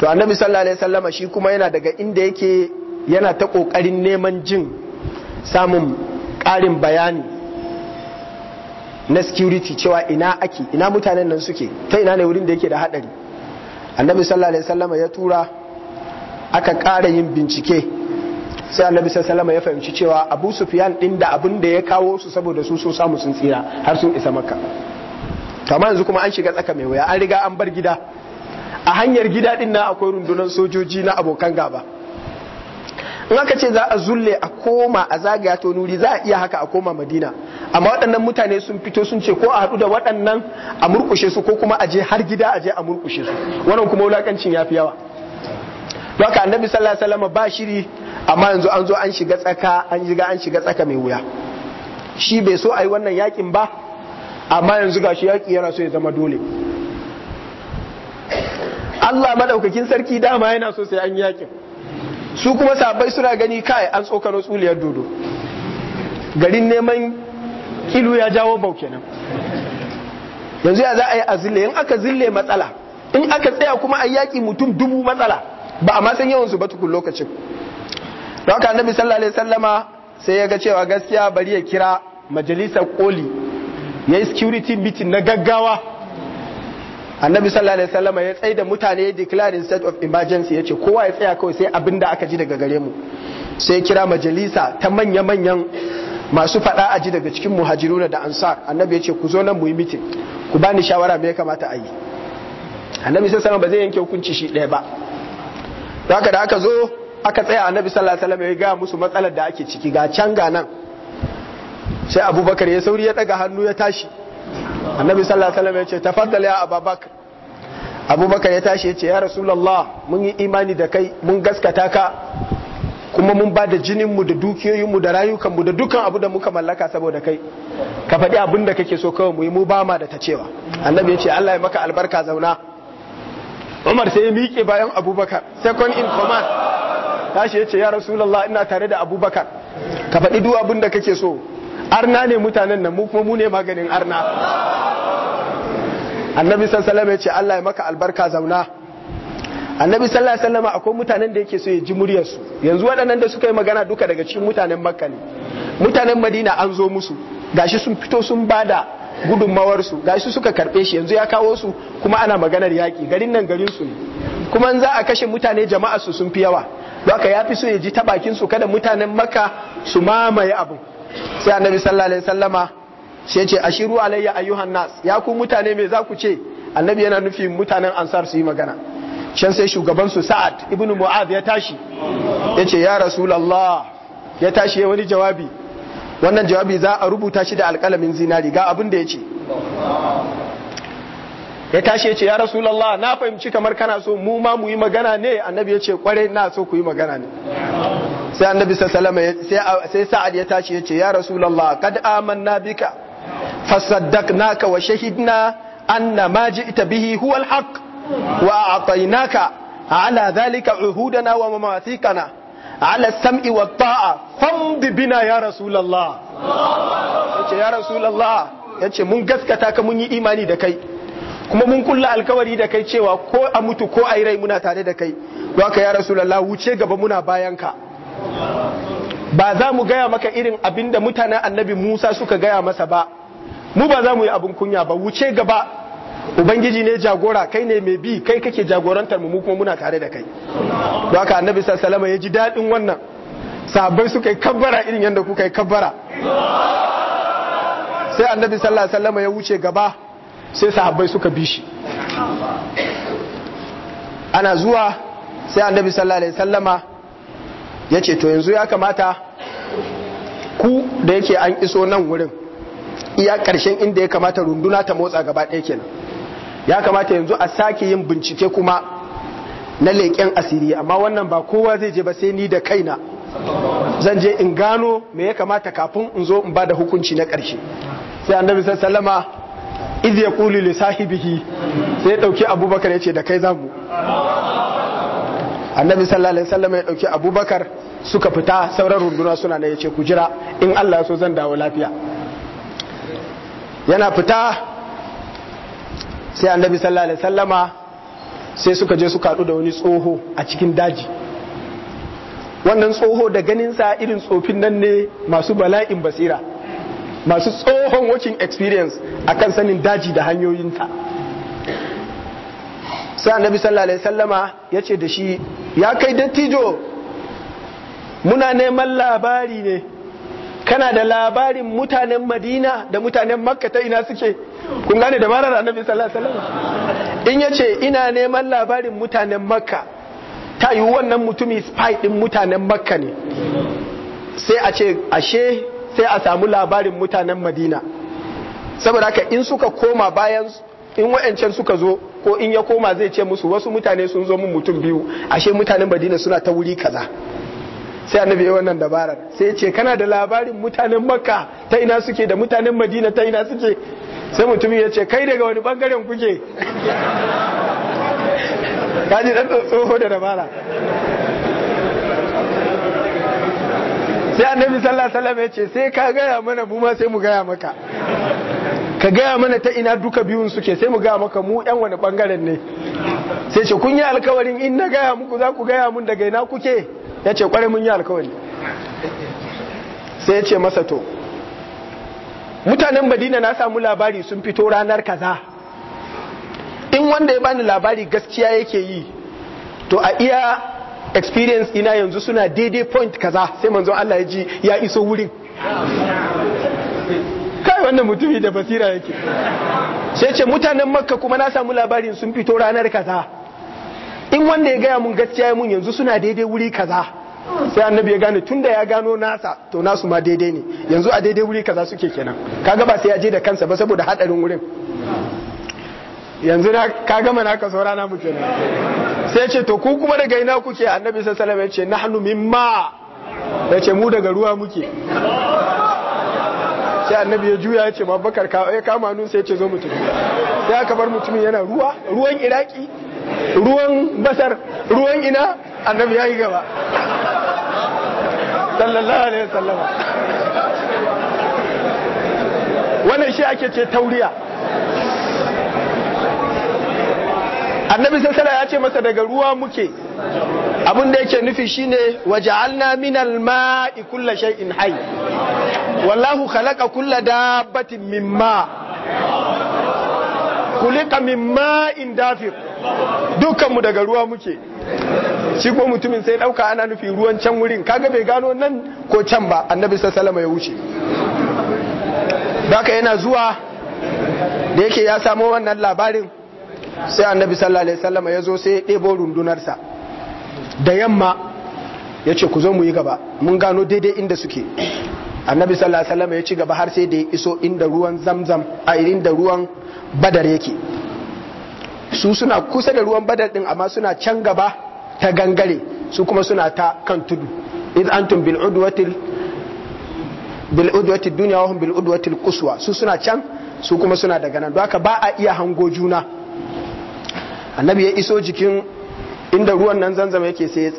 to annabi sallallahu alaihi wasallama shi kuma yana daga inda yake yana ta kokarin neman jin samun ƙarin bayani na security cewa ina ake ina mutanen nan suke ta ina ne wurin da yake da hadari annabi sallallahu alaihi wasallama ya tura aka ƙara yin bincike sai annabi sallallahu ya fahimci cewa abu sufyan din da abin da ya kawo su saboda su so samu sun tsira har sun isa makka to amma yanzu kuma an shiga tsaka mai wuya an riga an bar gida a hanyar gida din na akwai rundunar sojoji na abokan gaba in aka ce za a zulle a koma a zagaya to nuri za a iya haka a koma madina amma waɗannan mutane sun fito sun ce ko a haɗu da waɗannan a murkushe su ko kuma a je har gida a je a murkushe su wannan kuma wulakancin ya fi yawa don annabi sallallahu alaihi wasallam ba shiri amma yanzu an zo an shiga tsaka an shiga an shiga tsaka mai wuya shi bai so a yi wannan yakin ba amma yanzu gashi yaki yana so ya zama dole Allah madaukakin sarki dama yana so sai an yakin su kuma sabai suna gani kai an tsokano tsuliyar dodo garin neman kilu ya jawo bau kenan yanzu ya za a yi a zille in aka zille matsala in aka tsaya kuma a yaƙi mutum dubu matsala ba a yawan yawansu ba tukun lokacin don ka annabi sallallahu alaihi sallama sai ya ga cewa gaskiya bari ya kira majalisar koli ya yi security meeting na gaggawa annabi sallallahu alaihi sallama ya tsaye da mutane ya declaring state of emergency ya ce kowa ya tsaya kawai sai abin da aka ji daga gare mu sai ya kira majalisa ta manya-manyan masu faɗa a ji daga cikin muhajiruna da ansar annabi ya ce ku zo nan mu yi meeting ku ba ni shawara me ya kamata a yi annabi sallallahu alaihi ba zai yanke hukunci shi ɗaya ba haka da aka zo aka tsaya annabi sallallahu alaihi wasallam ya gaya musu matsalar da ake ciki ga can ga nan sai abubakar ya sauri ya daga hannu ya tashi annabi sallallahu alaihi wasallam ya ce tafaddal ya ababakar abubakar ya tashi ya ce ya rasulullah mun yi imani da kai mun gaskata ka kuma mun ba da jinin mu da dukiyoyinmu da rayukan mu da dukkan abu da muka mallaka saboda kai ka faɗi abin da kake so kawai mu yi mu ba ma da ta cewa annabi ya ce Allah ya maka albarka zauna Umar sai ya miƙe bayan Abubakar second in command tashi ya ce ya rasulullah ina tare da abubakar ka faɗi duk abin da kake so arna ne mutanen nan mu kuma mu ne maganin arna annabi sallallahu alaihi ya ce Allah ya maka albarka zauna annabi sallallahu alaihi wasallam akwai mutanen da yake so ya ji muryar su yanzu waɗannan da suka yi magana duka daga cikin mutanen makka ne mutanen madina an zo musu gashi sun fito sun bada gudunmawar su gashi suka karbe shi yanzu ya kawo su kuma ana maganar yaki garin nan garin su ne kuma za a kashe mutane jama'a su sun fi yawa haka ya fi so ya ji ta bakin su kada mutanen maka su mamaye abu sai annabi sallallahu alaihi wasallama sai ce ashiru alayya ayyuhan nas ya ku mutane me za ku ce annabi yana nufin mutanen ansar su yi magana Shan sai shugaban su sa'ad ibnu mu'az ya tashi ya ce ya rasulullah ya tashi ya wani jawabi wannan jawabi za a rubuta shi da alƙalamin zinari ga abin da ya ce ya tashi ya ce ya rasulallah na fahimci kamar kana so mu ma mu yi magana ne annabi ya ce kwarai na so ku yi magana ne sai annabi sallama sai sa'ad ya tashi ya ce ya rasulallah kad amanna bika fasaddaqnaka wa shahidna anna ma ji'ta bihi huwa alhaq wa a'tainaka ala dhalika uhudana wa mawathiqana ala sam'i wa ta'a famdi bina ya rasulallah ya ce ya rasulallah ya ce mun gaskata ka mun yi imani da kai kuma mun kulla alkawari da kai cewa ko a mutu ko a yi rai muna tare da kai don haka ya rasulullah wuce gaba muna bayan ka ba za mu gaya maka irin abin da mutanen annabi Musa suka gaya masa ba mu ba za mu yi abin kunya ba wuce gaba ubangiji ne jagora kai ne mai bi kai kake jagorantar mu mu kuma muna tare da kai don haka annabi sallallahu ya ji daɗin wannan sabai suka yi kabbara irin yadda kuka yi kabbara sai annabi sallallahu ya wuce gaba sai sahabbai suka bi shi ana zuwa sai annabi sallallahu alaihi sallama ya ce to yanzu ya kamata ku da yake an iso nan wurin iya karshen inda ya kamata runduna ta motsa gaba ɗaya kenan ya kamata yanzu a sake yin bincike kuma na leƙen asiri amma wannan ba kowa zai je ba sai ni da kaina zan je in gano me ya kamata kafin in zo in ba da hukunci na karshe. sai annabi sallama iz ya kuli li sahibihi sai dauki abubakar ya da kai zamu annabi sallallahu alaihi wasallam ya dauki abubakar suka fita sauran runduna suna na yace ce ku jira in Allah ya so zan dawo lafiya yana fita sai annabi sallallahu alaihi wasallama sai suka je suka haɗu da wani tsoho a cikin daji wannan tsoho da ganin sa irin tsofin nan ne masu bala'in basira masu tsohon working experience akan sanin daji da hanyoyinta sai annabi sallallahu alaihi sallama ya ce da shi ya kai dattijo muna neman labari ne kana da labarin mutanen madina da mutanen makka ta ina suke kun gane da marar annabi sallallahu alaihi wasallam in ce ina neman labarin mutanen makka ta yi wannan mutumi spy din mutanen makka ne sai a ce ashe sai a samu labarin mutanen madina saboda haka in suka koma bayan in wa'ancan suka zo ko in ya koma zai ce musu wasu mutane sun zo mun mutum biyu ashe mutanen madina suna ta wuri kaza sai annabi ya wannan dabarar sai ya ce kana da labarin mutanen makka ta ina suke da mutanen madina ta ina suke sai mutumin ya ce kai daga wani bangaren kuke kaji dan tsoho da dabara sai annabi sallallahu alaihi wasallam ya ce sai ka gaya mana mu ma sai mu gaya maka ka gaya mana ta ina duka biyun suke sai mu gaya maka mu yan wani bangaren ne sai ce kun yi alkawarin in na gaya muku za ku gaya mun daga ina kuke ya ce kwarai mun yi alkawari sai ya ce masa to mutanen badina na samu labari sun fito ranar kaza in wanda ya bani labari gaskiya yake yi to a iya experience ina yanzu suna daidai point kaza sai manzon Allah ya ji ya iso wurin kai wannan mutumi da basira yake sai ce mutanen makka kuma na samu labarin sun fito ranar kaza in wanda ya gaya mun gaskiya mun yanzu suna daidai wuri kaza sai annabi ya gane tun da ya gano nasa to nasu ma daidai ne yanzu a daidai wuri kaza suke kenan kaga ba sai ya je da kansa ba saboda hadarin wurin yanzu ka gama na kaso saura namu kenan sai ce to ku kuma daga ina kuke annabi sallallahu alaihi wasallam ya ce nahnu mimma ya ce mu daga ruwa muke sai annabi ya juya ya ce mabakar ya eh, kama nun sai ya ce zo mutum sai aka bar mutumin yana ruwa ruwan iraki ruwan basar ruwan ina annabi ya yi gaba sallallahu alaihi sallama. wannan shi ake ce tauriya annabi sallallahu ya ce masa daga ruwa muke abin da yake nufi shine waja'alna minal ma'i kulla shay'in hayy wallahu khalaqa kulla dabbatin mimma kulika mimma in dafiq dukkanmu daga ruwa muke shi ko mutumin sai dauka ana nufi ruwan can wurin kaga bai gano nan ko can ba annabi sallallahu ya wuce baka yana zuwa da yake ya samo wannan labarin sai annabi sallallahu alaihi wasallam ya zo sai ya ɗebo rundunarsa da yamma ya ce ku zo mu yi gaba mun gano daidai inda suke annabi sallallahu alaihi wasallam ya ci gaba har sai da ya iso inda ruwan zamzam a irin da ruwan badar yake su suna kusa da ruwan badar din amma suna can gaba ta gangare su kuma suna ta kan tudu id antum bil udwatil bil udwatil dunya wa hum bil udwatil quswa su suna can su kuma suna daga nan don haka ba a iya hango juna annabi ya iso jikin inda ruwan nan zanzama yake sai ya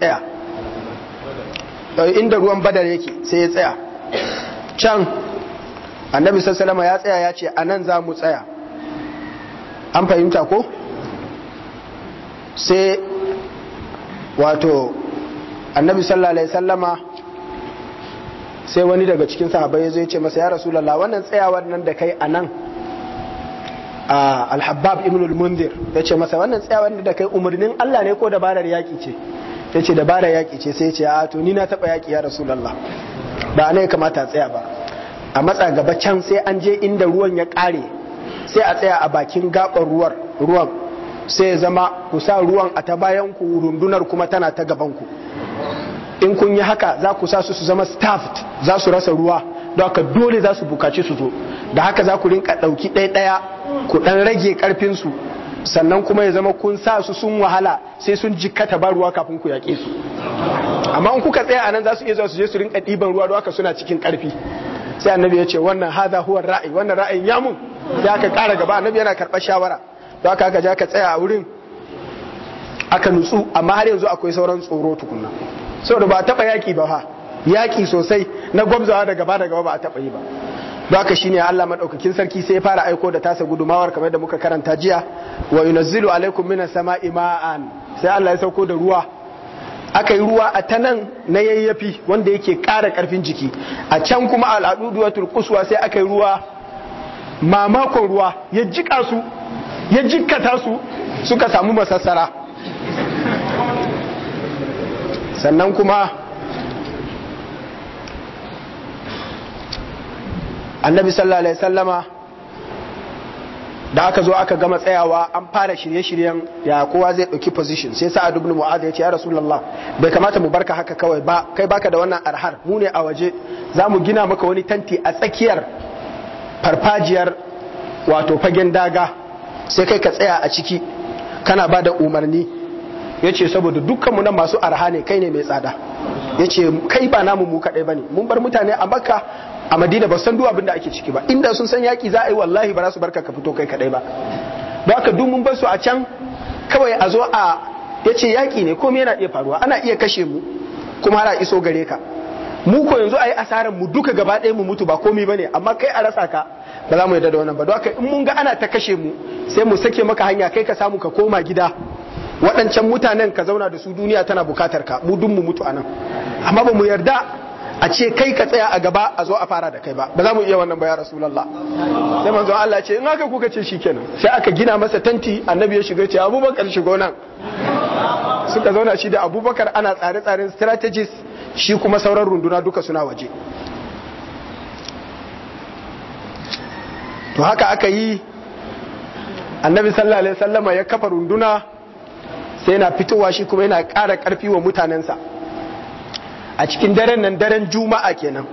tsaya eh, inda ruwan badar yake sai ya tsaya can annabi sassalama ya tsaya ya ce a nan za mu tsaya an fahimta ko sai wato annabi sallalai sallama sai wani daga cikin sahabai ya zo ya ce masa ya rasulallah wannan tsayawar nan da kai a nan Alhabab ibn al-munzir yace masa wannan wanda da kai umarnin Allah ne ko dabarar yaki ce yace dabarar yaki ce sai yace a to ni na taɓa yaki ya rasulullah ba ya kamata tsaya ba a matsa gaba can sai an je inda ruwan ya ƙare. sai a tsaya a bakin gaɓar ruwan ruwan sai ya zama ku sa ruwan a ta bayan ku rundunar kuma tana ta gaban ku in kun yi haka za ku sa su su zama staffed za su rasa ruwa don haka dole za su bukaci su zo da haka za ku rinka ɗauki ɗaya ɗaya ku dan rage karfin su sannan kuma ya zama kun sa su sun wahala sai sun jikkata ba ruwa kafin ku yaƙe su amma in kuka tsaya anan za su iya zuwa su je su rinka ɗiban ruwa don haka suna cikin ƙarfi sai annabi ya ce wannan hadha huwa ra'ayi wannan ra'ayin ya mun ya ka ƙara gaba annabi yana karɓar shawara don haka aka ja ka tsaya a wurin aka nutsu amma har yanzu akwai sauran tsoro tukunna saboda ba a taɓa yaƙi ba ha yaƙi sosai na gwamzawa da gaba da gaba ba a taɓa yi ba haka shine Allah madaukakin sarki sai ya fara aiko da tasa gudumawar kamar da muka karanta jiya wa yunazzilu alaikum minas sama'i ma'an sai Allah ya sauko da ruwa aka yi ruwa a ta nan na yayyafi wanda yake ƙara ƙarfin jiki a can kuma al'aduduwatul quswa sai aka yi ruwa mamakon ruwa ya jika su ya jikkata su suka samu masassara sannan kuma annabi sallallahu alaihi sallama da aka zo aka gama tsayawa an fara shirye-shiryen ya kowa zai ɗauki position sai sa'ad ibn mu'adh ya ce ya rasulullah bai kamata mu barka haka kawai ba kai baka da wannan arhar mu ne a waje za mu gina maka wani tanti a tsakiyar farfajiyar wato fagen daga sai kai ka tsaya a ciki kana ba da umarni ya ce saboda dukkanmu nan masu arha ne kai ne mai tsada ya ce kai ba namu mu kaɗai ba ne mun bar mutane a makka a madina ba san duk abin da ake ciki ba inda sun san yaki za a yi wallahi ba za su barka ka fito kai kadai ba don haka duk mun su a can kawai a zo a ya ce yaki ne komai yana iya faruwa ana iya kashe mu kuma a iso gare ka mu ko yanzu a yi asarar mu duka gaba ɗaya mu mutu ba komai ba ne amma kai a rasa ka ba za mu yarda da wannan ba don haka in mun ga ana ta kashe mu sai mu sake maka hanya kai ka samu ka koma gida waɗancan mutanen ka zauna da su duniya tana bukatar ka mu dun mu mutu anan amma ba mu yarda a ce kai ka tsaya a gaba a zo a fara da kai ba ba za mu iya wannan ba ya rasulullah sai manzo Allah ce in haka kuka ce shikenan sai aka gina masa tanti annabi ya shiga ce abubakar shigo nan suka zauna shi da abubakar ana tsare-tsaren strategies shi kuma sauran runduna duka suna waje to haka aka yi annabi sallallahu alaihi wasallama ya kafa runduna sai yana fitowa shi kuma yana ƙara ƙarfi wa mutanensa a cikin daren nan daren juma'a kenan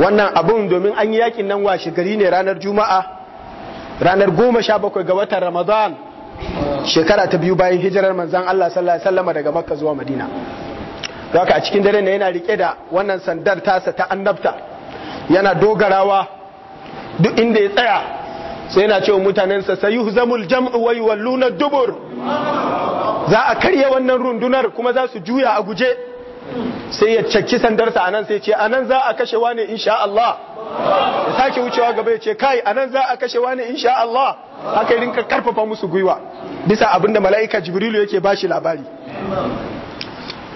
wannan abun domin an yi yakin nan washe gari ne ranar juma'a ranar goma sha bakwai ga watan ramadan shekara ta biyu bayan hijirar manzan Allah sallallahu alaihi wasallam daga makka zuwa madina haka a cikin daren nan yana rike da wannan sandar tasa ta annabta yana dogarawa duk inda ya tsaya sai yana cewa mutanensa sayu zamul jam'u wa walluna dubur za a karya wannan rundunar kuma za su juya a guje sai ya cakki sandarsa anan sai ce anan za a kashe wani insha Allah ya sake wucewa gaba ya ce kai anan za a kashe wani insha Allah haka rinka karfafa musu gwiwa bisa abinda mala'ika jibrilu yake bashi labari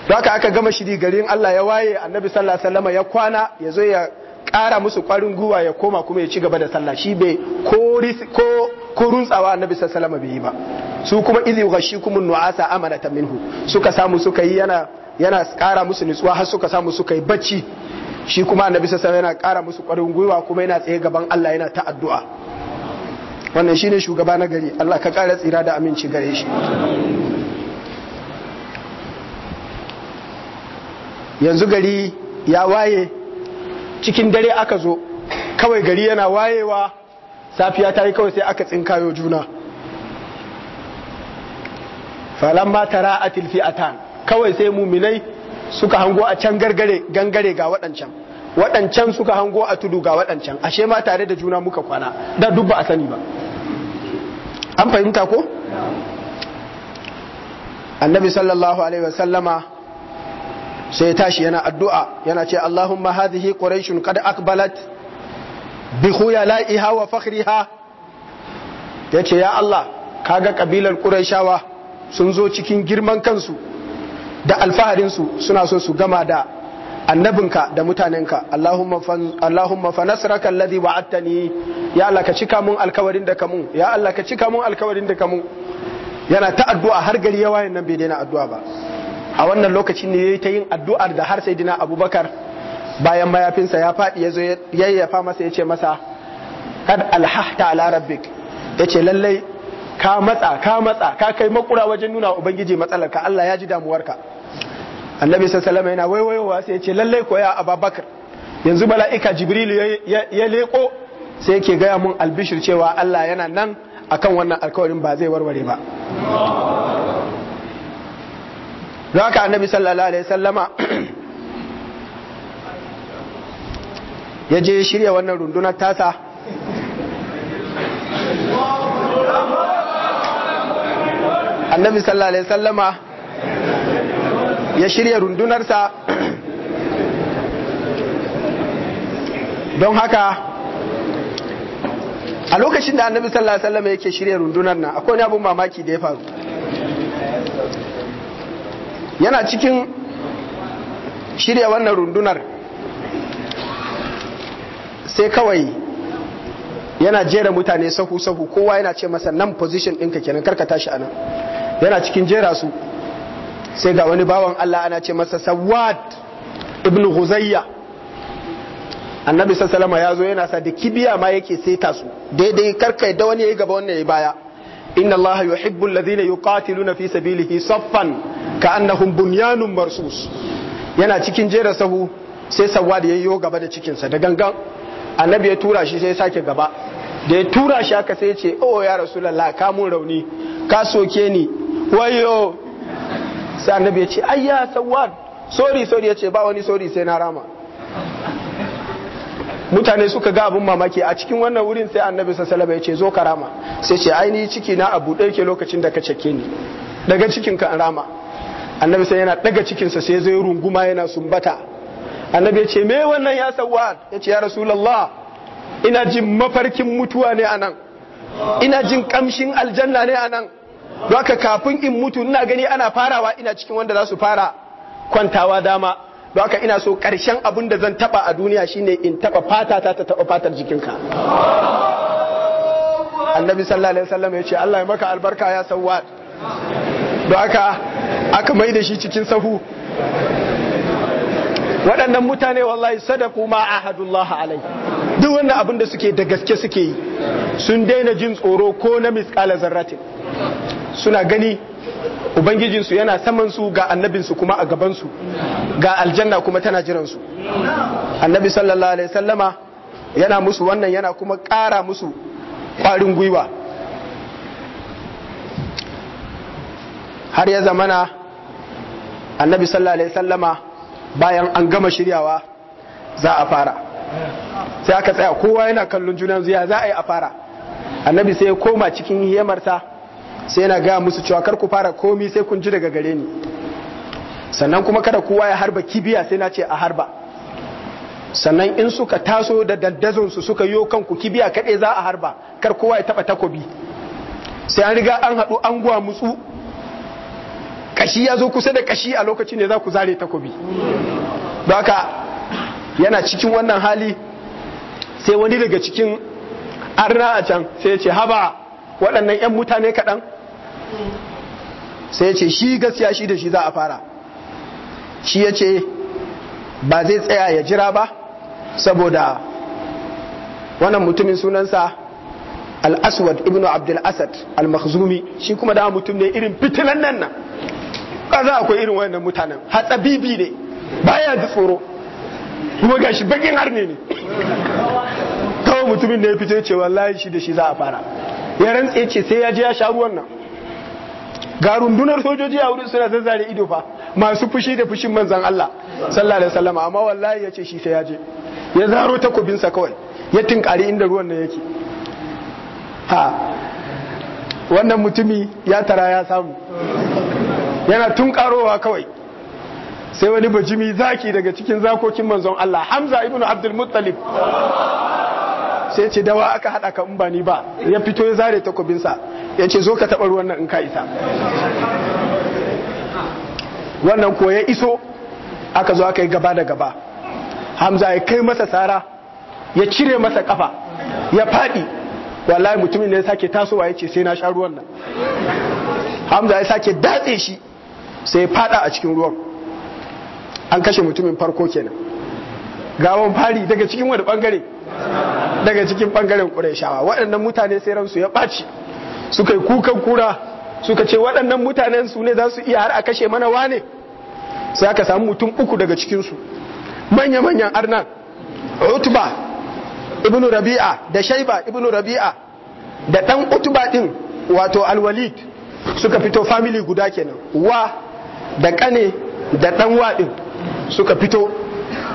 haka aka gama shiri garin Allah ya waye annabi sallallahu alaihi wasallam ya kwana ya zo ya ƙara musu kwarin gwiwa ya koma kuma ya ci gaba da sallah shi bai ko ko runtsawa annabi sallallahu bai yi ba su kuma idh yughashikumun nu'asa amanatan minhu suka samu suka yi yana yana ƙara musu nutsuwa har suka samu suka yi bacci shi kuma annabi sallallahu yana kara musu kwarin gwiwa kuma yana tsaye gaban Allah yana ta addu'a wannan shine shugaba na gari Allah ka kara tsira da aminci gare shi yanzu gari ya waye cikin dare aka zo kawai gari yana wayewa safiya ta yi kawai sai aka tsinkayo juna Falon falamma tara a tan kawai sai muminai suka hango a can gargare gangare ga waɗancan waɗancan suka hango a tudu ga waɗancan ashe ma tare da juna muka kwana da duk a sani ba an fahimta ko annabi sallallahu alaihi wasallama sai ya tashi yana addu'a yana ce Allahumma hadhihi quraishun qad akbalat bi khuyala'iha wa fakhriha yace ya Allah kaga kabilar quraishawa sun zo cikin girman kansu da alfaharinsu suna so su gama da annabinka da mutanenka Allahumma fa nasraka alladhi wa'adtani ya Allah ka cika mun alkawarin da kamun ya Allah ka cika mun alkawarin da kamun yana ta addu'a har gari ya wayan nan bai daina addu'a ba a wannan lokacin ne yi ta yin addu'ar da har sai dina abubakar bayan mayafinsa ya faɗi ya zo yayyafa masa ya ce masa kad alhahta ala rabbik ya ce lallai ka matsa ka matsa ka kai makura wajen nuna ubangiji matsalar ka Allah ya ji damuwarka annabi sallallahu yana waiwaiwa sai ya ce lallai ko ya ababakar yanzu mala'ika jibrilu ya leƙo sai yake gaya mun albishir cewa Allah yana nan akan wannan alkawarin ba zai warware ba don haka annabi sallallahu alaihi sallama ya je shirya wannan rundunar tasa annabi sallallahu alaihi sallama ya shirya rundunarsa don haka a lokacin da annabi sallallahu alaihi sallama yake shirya rundunar nan akwai wani abun mamaki da ya faru yana cikin shirya wannan rundunar sai kawai yana jera mutane sahu-sahu kowa yana ce masa nan position ɗinka kenan karka tashi anan yana cikin jera su sai ga wani bawan Allah ana ce masa sawad ibn huzayya annabi sassalama ya zo yana sa da kibiya ma yake saita su daidai karka da wani ya yi gaba wannan ya yi baya inna allaha yuhibbul Katilu yuqatiluna fi sabilihi saffan ka annahum bunyanun marsus yana cikin jera sahu sai sawad ya yo gaba da cikinsa da gangan annabi ya tura shi sai ya sake gaba da ya tura shi aka sai ya ce oh ya rasulullah ka mun rauni ka soke ni wayo sai annabi ya ce ayya sawad sorry sorry ya ce ba wani sorry sai na rama mutane suka ga abin mamaki a cikin wannan wurin sai annabi sassalaba ya ce zo ka rama sai ce ainihi ciki na abu ɗauke lokacin da ka cake ni daga cikin ka rama annabi sai yana daga cikinsa sai zai runguma yana sumbata annabi ya ce me wannan ya sawwa ya ce ya rasulullah ina jin mafarkin mutuwa ne anan ina jin kamshin aljanna ne anan don haka kafin in mutu ina gani ana farawa ina cikin wanda za su fara kwantawa dama don haka ina so karshen abin da zan taba a duniya shine in taba fata ta ta taba fatar jikinka annabi sallallahu alaihi wasallam ya ce Allah ya maka albarka ya sawwa don aka aka mai da shi cikin sahu waɗannan mutane wallahi sadaku ma ahadullah alai duk wannan abin da suke da gaske suke yi sun daina jin tsoro ko na misƙala zarratin suna gani ubangijinsu yana samansu ga annabinsu kuma a gabansu ga aljanna kuma tana jiransu annabi sallallahu alaihi sallama yana musu wannan yana kuma ƙara musu kwarin gwiwa har ya zamana annabi sallallahu alaihi sallama bayan an gama shiryawa za a fara sai aka tsaya kowa yana kallon junan zuya za a yi a fara annabi sai ya koma cikin hiyamarsa sai yana gaya musu cewa kar ku fara komi sai kun ji daga gare ni sannan kuma kada kowa ya harba kibiya sai na ce a harba sannan in suka taso da su suka yo kanku kibiya kaɗai za a harba kar kowa ya taɓa takobi sai an riga an haɗu an gwa mutsu kashi ya zo kusa da kashi a lokacin da za ku zare takobi don haka yana cikin wannan hali sai wani daga cikin arna a can sai ya ce haba waɗannan 'yan mutane kaɗan sai ya ce shi gaskiya shi da shi za a fara shi ya ce ba zai tsaya ya jira ba saboda wannan mutumin sunansa al-aswad ibn abdul asad al-makhzumi shi kuma da mutum ne irin fitilan nan nan ba za akwai irin wannan mutanen hatsabibi ne baya ji tsoro kuma gashi bakin harne ne kawai mutumin da ya fito ce wallahi shi da shi za a fara ya rantse ce sai ya je ya sha ruwan nan ga rundunar sojoji a wurin suna zazzare ido fa masu fushi da fushin manzan Allah sallallahu alaihi wasallam amma wallahi ya ce shi sai ya je ya zaro takobinsa kawai ya tinkari inda ruwan nan yake ha wannan mutumi ya tara ya samu yana tun karowa kawai sai wani bajimi zaki daga cikin zakokin manzon Allah Hamza ibn Abdul Muttalib sai ce dawa aka hada ka in ba ni ba ya fito ya zare takobinsa ya ce zo ka taba ruwan nan in ka isa wannan ko ya iso aka zo aka yi gaba da gaba hamza ya kai masa tsara ya cire masa kafa ya faɗi wallahi mutumin ne ya sake tasowa ya ce sai na sha ruwan nan hamza ya sake datse shi sai fada a cikin ruwan an kashe mutumin farko kenan Gawon fari daga cikin wani bangare daga cikin bangaren ƙurayshawa waɗannan mutane sai ransu ya ɓaci suka yi kukan kura suka ce waɗannan mutanen su ne za su iya har a kashe mana wane sai aka samu mutum uku daga cikinsu manya-manyan arnan Utuba. ibnu rabi'a da shaiba ibnu rabi'a da ɗan utuba ɗin wato alwalid suka fito famili guda kenan wa da ƙane da ɗan waɗin suka fito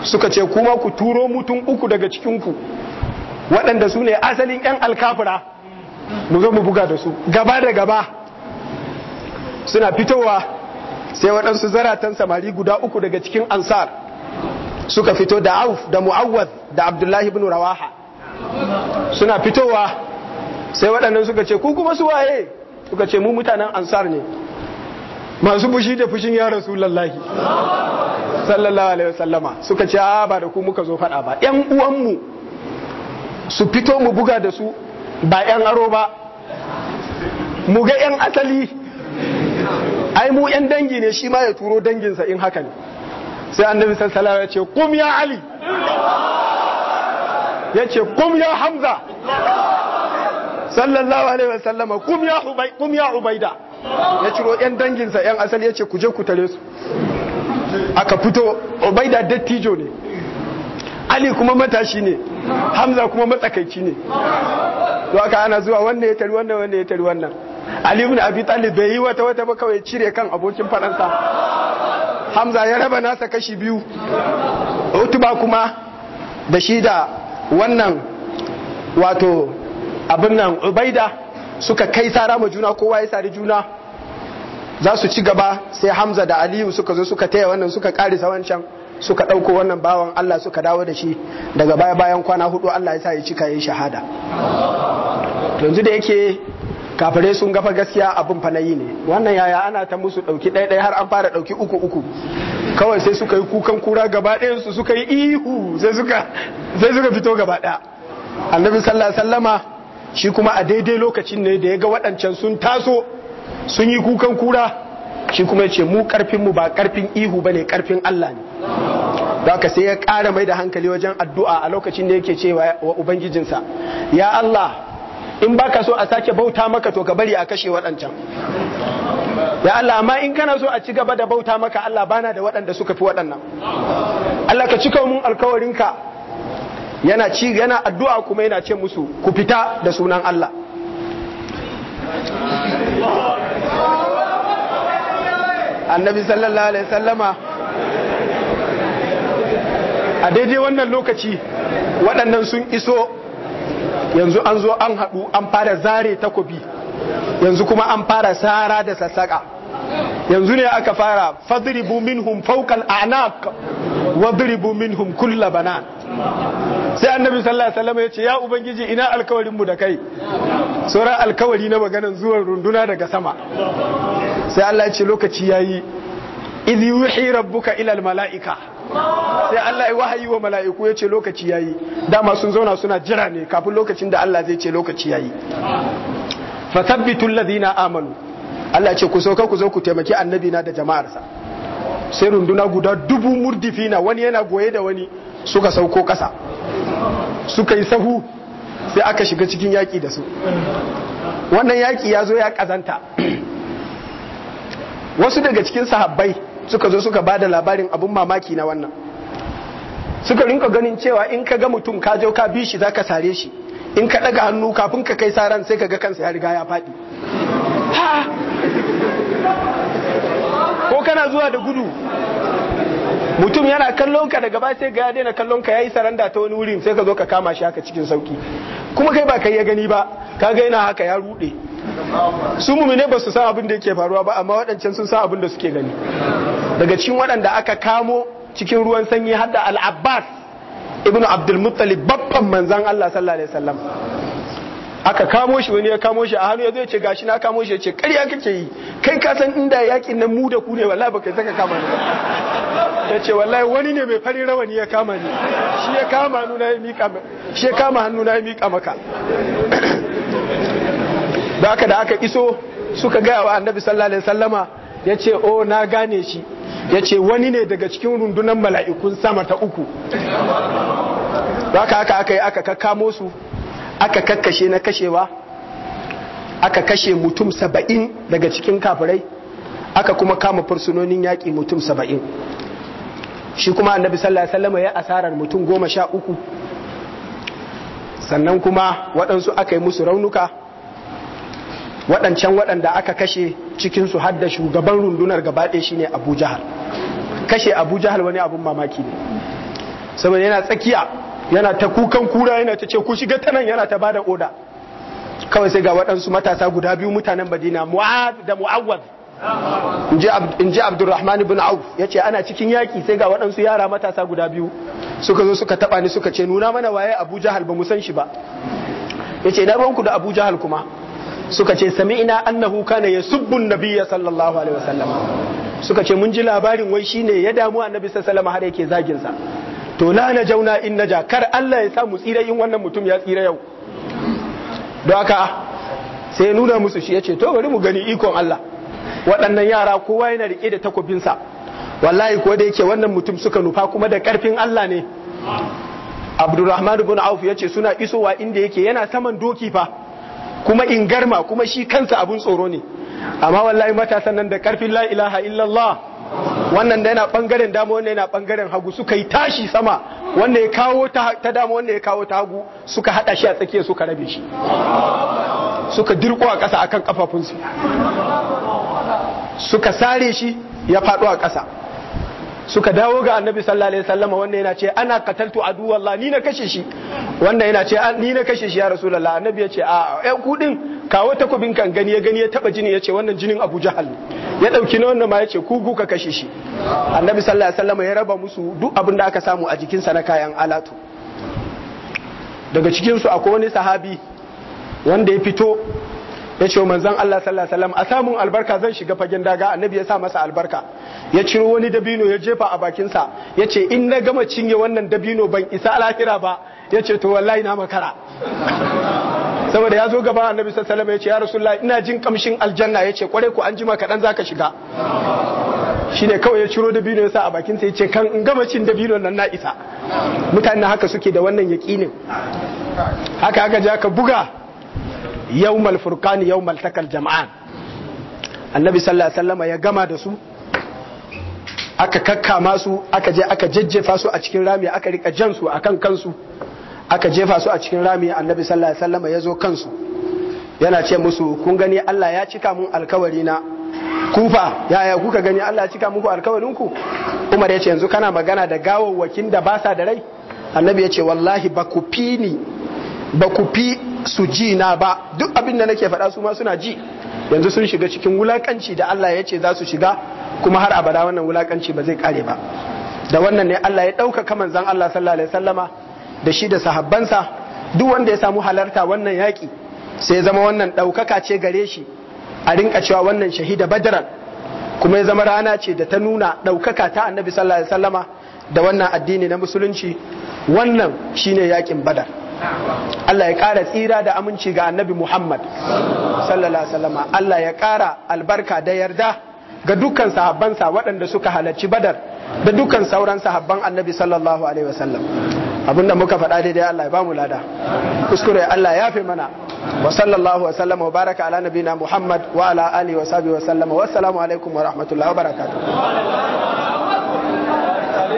suka ce kuma ku turo mutum uku daga cikinku waɗanda su ne asalin 'yan alkafura mu zo mu buga da su gaba da gaba suna fitowa sai waɗansu zaratan samari guda uku daga cikin ansar suka fito da auf da mu'awwad da abdullahi ibn rawaha suna fitowa sai waɗannan suka ce ku kuma su waye suka ce mu mutanen ansar ne masu bushi da fushin ya rasu lallahi sallallahu alaihi wasallama suka ce a ba da ku muka zo faɗa ba yan uwanmu su fito mu buga da su ba yan aro ba mu ga yan asali ai mu yan dangi ne shi ma ya turo danginsa in haka ne sai annabi sallallahu ya ce kum ya ali ya ce kum ya hamza sallallahu alaihi wasallama kum ya ubaida ya ciro yan danginsa yan asali ya ce ku je ku tare su aka fito Obaida dattijo ne ali kuma matashi ne hamza kuma matsakaici ne zuwa ka ana zuwa wanda ya tari wannan wanda ya tari wannan ali ibn abi talib bai yi wata wata ba kawai cire kan abokin faransa hamza ya raba nasa kashi biyu utuba kuma da shi da wannan wato abin nan ubaida suka kai sara ma juna kowa ya sari juna za su ci gaba sai hamza da aliyu suka zo suka taya wannan suka karisa wancan suka ɗauko wannan bawan allah suka dawo da shi daga baya bayan kwana hudu allah ya sa ya cika shahada yanzu da yake kafare sun gafa gaskiya abin fanayi ne wannan yaya ana ta musu ɗauki ɗaya har an fara ɗauki uku uku kawai sai suka yi kukan kura gaba su suka yi ihu sai suka fito gaba ɗaya annabi sallallahu alaihi wasallama shi kuma a daidai lokacin ne da ya ga waɗancan sun taso sun yi kukan kura shi kuma ya ce mu ƙarfinmu ba ƙarfin ihu ba ne karfin Allah ne da haka sai ya ƙara mai da hankali wajen addu'a a lokacin da yake cewa wa ubangijinsa ya Allah in baka so a sake bauta maka to ka bari a kashe waɗancan ya Allah amma in kana so a ci gaba da bauta maka Allah bana da waɗanda suka fi waɗannan Allah ka cika mun alkawarinka yana ci yana addu'a kuma yana ce musu ku fita da sunan Allah annabi sallallahu alaihi sallama a daidai wannan lokaci waɗannan sun iso yanzu an zo an haɗu an fara zare takobi yanzu kuma an fara sara da sassaƙa yanzu ne aka fara fadribu minhum fawqal a'naq wadribu minhum kulla bana. sai annabi sallallahu alaihi wasallam ya ce ya ubangiji ina alkawarin mu da kai sura alkawari na maganan zuwan runduna daga sama sai Allah ya ce lokaci yayi idh yuhi rabbuka ila al malaika sai Allah ya wahayi wa mala'iku ya ce lokaci yayi dama sun zauna suna jira ne kafin lokacin da Allah zai ce lokaci yayi fa thabbitul ladina amanu Allah ce ku sauka ku zo ku taimaki annabi na da jama'arsa sai runduna guda dubu murdifina wani yana goye da wani suka sauko kasa suka yi sahu sai aka shiga cikin yaƙi da su wannan yaƙi ya zo ya ƙazanta wasu daga cikin sahabbai suka zo suka ba da labarin abin mamaki na wannan suka rinka ganin cewa in ka ga mutum ka jo ka bi shi za ka sare shi in ka ɗaga hannu kafin ka kai sa ran sai ka ga kansa ya riga ya faɗi kana zuwa da gudu mutum yana kallon ka daga ba sai ga ya daina kallon ka yayi saranda ta wani wuri sai ka zo ka kama shi haka cikin sauki kuma kai ba kai ya gani ba kaga yana haka ya rude su ne ba su san abin da yake faruwa ba amma waɗancan sun san abin da suke gani daga cikin waɗanda aka kamo cikin ruwan sanyi hadda da al-Abbas ibnu Abdul Muttalib babban manzon Allah sallallahu alaihi wasallam aka kamo shi wani ya kamo shi a hannu ya zo ya ce gashi na kamo shi ya ce ƙarya kake yi kai ka san inda yakin nan mu da ku ne wallahi baka saka kama ni ya ce wallahi wani ne mai farin rawani ya kama ni shi ya kama hannu na ya mika shi ya kama hannu na ya mika maka da aka da aka iso suka gaya wa annabi sallallahu alaihi wasallama ya ce o na gane shi ya ce wani ne daga cikin rundunar mala'ikun sama ta uku da aka aka aka yi aka kakkamo su aka kakkashe na kashewa aka kashe mutum saba'in daga cikin kafirai aka kuma kama fursunonin yaƙi mutum saba'in shi kuma annabi sallallahu alaihi wasallam ya asarar mutum goma sha uku sannan kuma waɗansu aka yi musu raunuka waɗancan waɗanda aka kashe cikinsu har da shugaban rundunar gabaɗe shine abu jahal kashe abu jahal wani abun mamaki ne saboda yana tsakiya yana ta kukan kura yana ta ce ku shiga ta nan yana ta ba da oda kawai sai ga waɗansu matasa guda biyu mutanen badina Mu'ad da mu'awwaz in ji Abdulrahman ibn Auf ya ce ana cikin yaki sai ga waɗansu yara matasa guda biyu suka zo suka taɓa ni suka ce nuna mana waye Abu Jahal ba mu shi ba ya ce na ruwanku da Abu Jahal kuma suka ce sami sami'ina annahu kana yasubbu nabiya sallallahu alaihi wasallam suka ce mun ji labarin wai shine ya damu annabi sallallahu alaihi wasallam har yake zagin sa to la na jauna in ja. kar Allah ya sa mu tsira in wannan mutum ya tsira yau don haka sai nuna musu shi ya ce to bari mu gani ikon Allah waɗannan yara kowa yana rike da takobinsa wallahi ko da yake wannan mutum suka nufa kuma da ƙarfin Allah ne Abdulrahman ibn Auf ya ce suna isowa inda yake yana saman doki fa kuma in garma kuma shi kansa abun tsoro ne amma wallahi matasan nan da ƙarfin la ilaha illallah wannan da yana ɓangaren dama wannan yana bangaren hagu suka yi tashi sama wanda ya kawo ta dama wanda ya kawo ta hagu suka haɗa shi a tsakiyar suka rabe shi suka dirko a ƙasa akan kafafunsu suka sare shi ya faɗo a ƙasa suka dawo ga annabi sallallahu alaihi wasallam wanda yana ce ana adu wallahi ni na kashe shi wanda yana ce ni na kashe shi ya rasulullah annabi ya ce a ɗan kudin kawo kubin kan gani ya gani ya taba jini ya ce wannan jinin Abu Jahal ya dauki na wannan ma ya ce ku ka kashe shi annabi sallallahu alaihi wasallam ya raba musu duk abin da aka samu a jikinsa na kayan alatu daga cikinsu akwai wani sahabi wanda ya fito ya ce manzan Allah sallallahu alaihi wasallam a samun albarka zan shiga fagen daga annabi ya sa masa albarka ya ciro wani dabino ya jefa a bakinsa ya ce in na gama cinye wannan dabino ban isa lahira ba ya ce to wallahi na makara saboda ya zo gaba annabi sallallahu alaihi wasallam ya ce ya rasulullahi ina jin kamshin aljanna ya ce kware ku an jima kaɗan zaka shiga shi ne kawai ya ciro dabino ya sa a bakin ya ce kan in gama cin dabino nan na isa mutane haka suke da wannan yaqinin haka haka ja ka buga yawmal furqani yawmal takal jama'an annabi sallallahu alaihi wasallam ya gama da su aka kakkama su aka je aka jejjefa su a cikin rami aka rika jan su akan kansu aka jefa su a cikin rami annabi sallallahu alaihi wasallam ya zo kansu yana ce musu kun gani Allah ya cika mun alkawari na kufa yaya kuka gani Allah ya cika muku alkawarin ku Umar ya ce yanzu kana magana da wakin da ba sa da rai annabi ya ce wallahi ba ku ni. ba ku fi su ji na ba duk abin da nake faɗa su ma suna ji yanzu sun shiga cikin wulakanci da Allah ya ce za su shiga kuma har abada wannan wulakanci ba zai kare ba da wannan ne Allah ya ɗaukaka zan Allah sallallahu alaihi wasallama da shi da sahabbansa duk wanda ya samu halarta wannan yaƙi sai ya zama wannan ɗaukaka ce gare shi a rinka cewa wannan shahida badran kuma ya zama rana ce da ta nuna ɗaukaka ta annabi sallallahu alaihi wasallama da wannan addini na musulunci wannan shine yakin badar Allah ya ƙara tsira da aminci ga annabi Muhammad sallallahu alaihi wasallam Allah ya ƙara albarka da yarda ga dukkan sahabbansa waɗanda suka halarci Badar da dukkan sauran sahabban annabi sallallahu alaihi wasallam da muka faɗa daidai Allah ya bamu lada kuskure Allah ya fi mana wa sallallahu wa sallama wa baraka ala nabina Muhammad wa ala alihi wa sahbihi wa sallama wa assalamu alaikum wa rahmatullahi wa barakatuh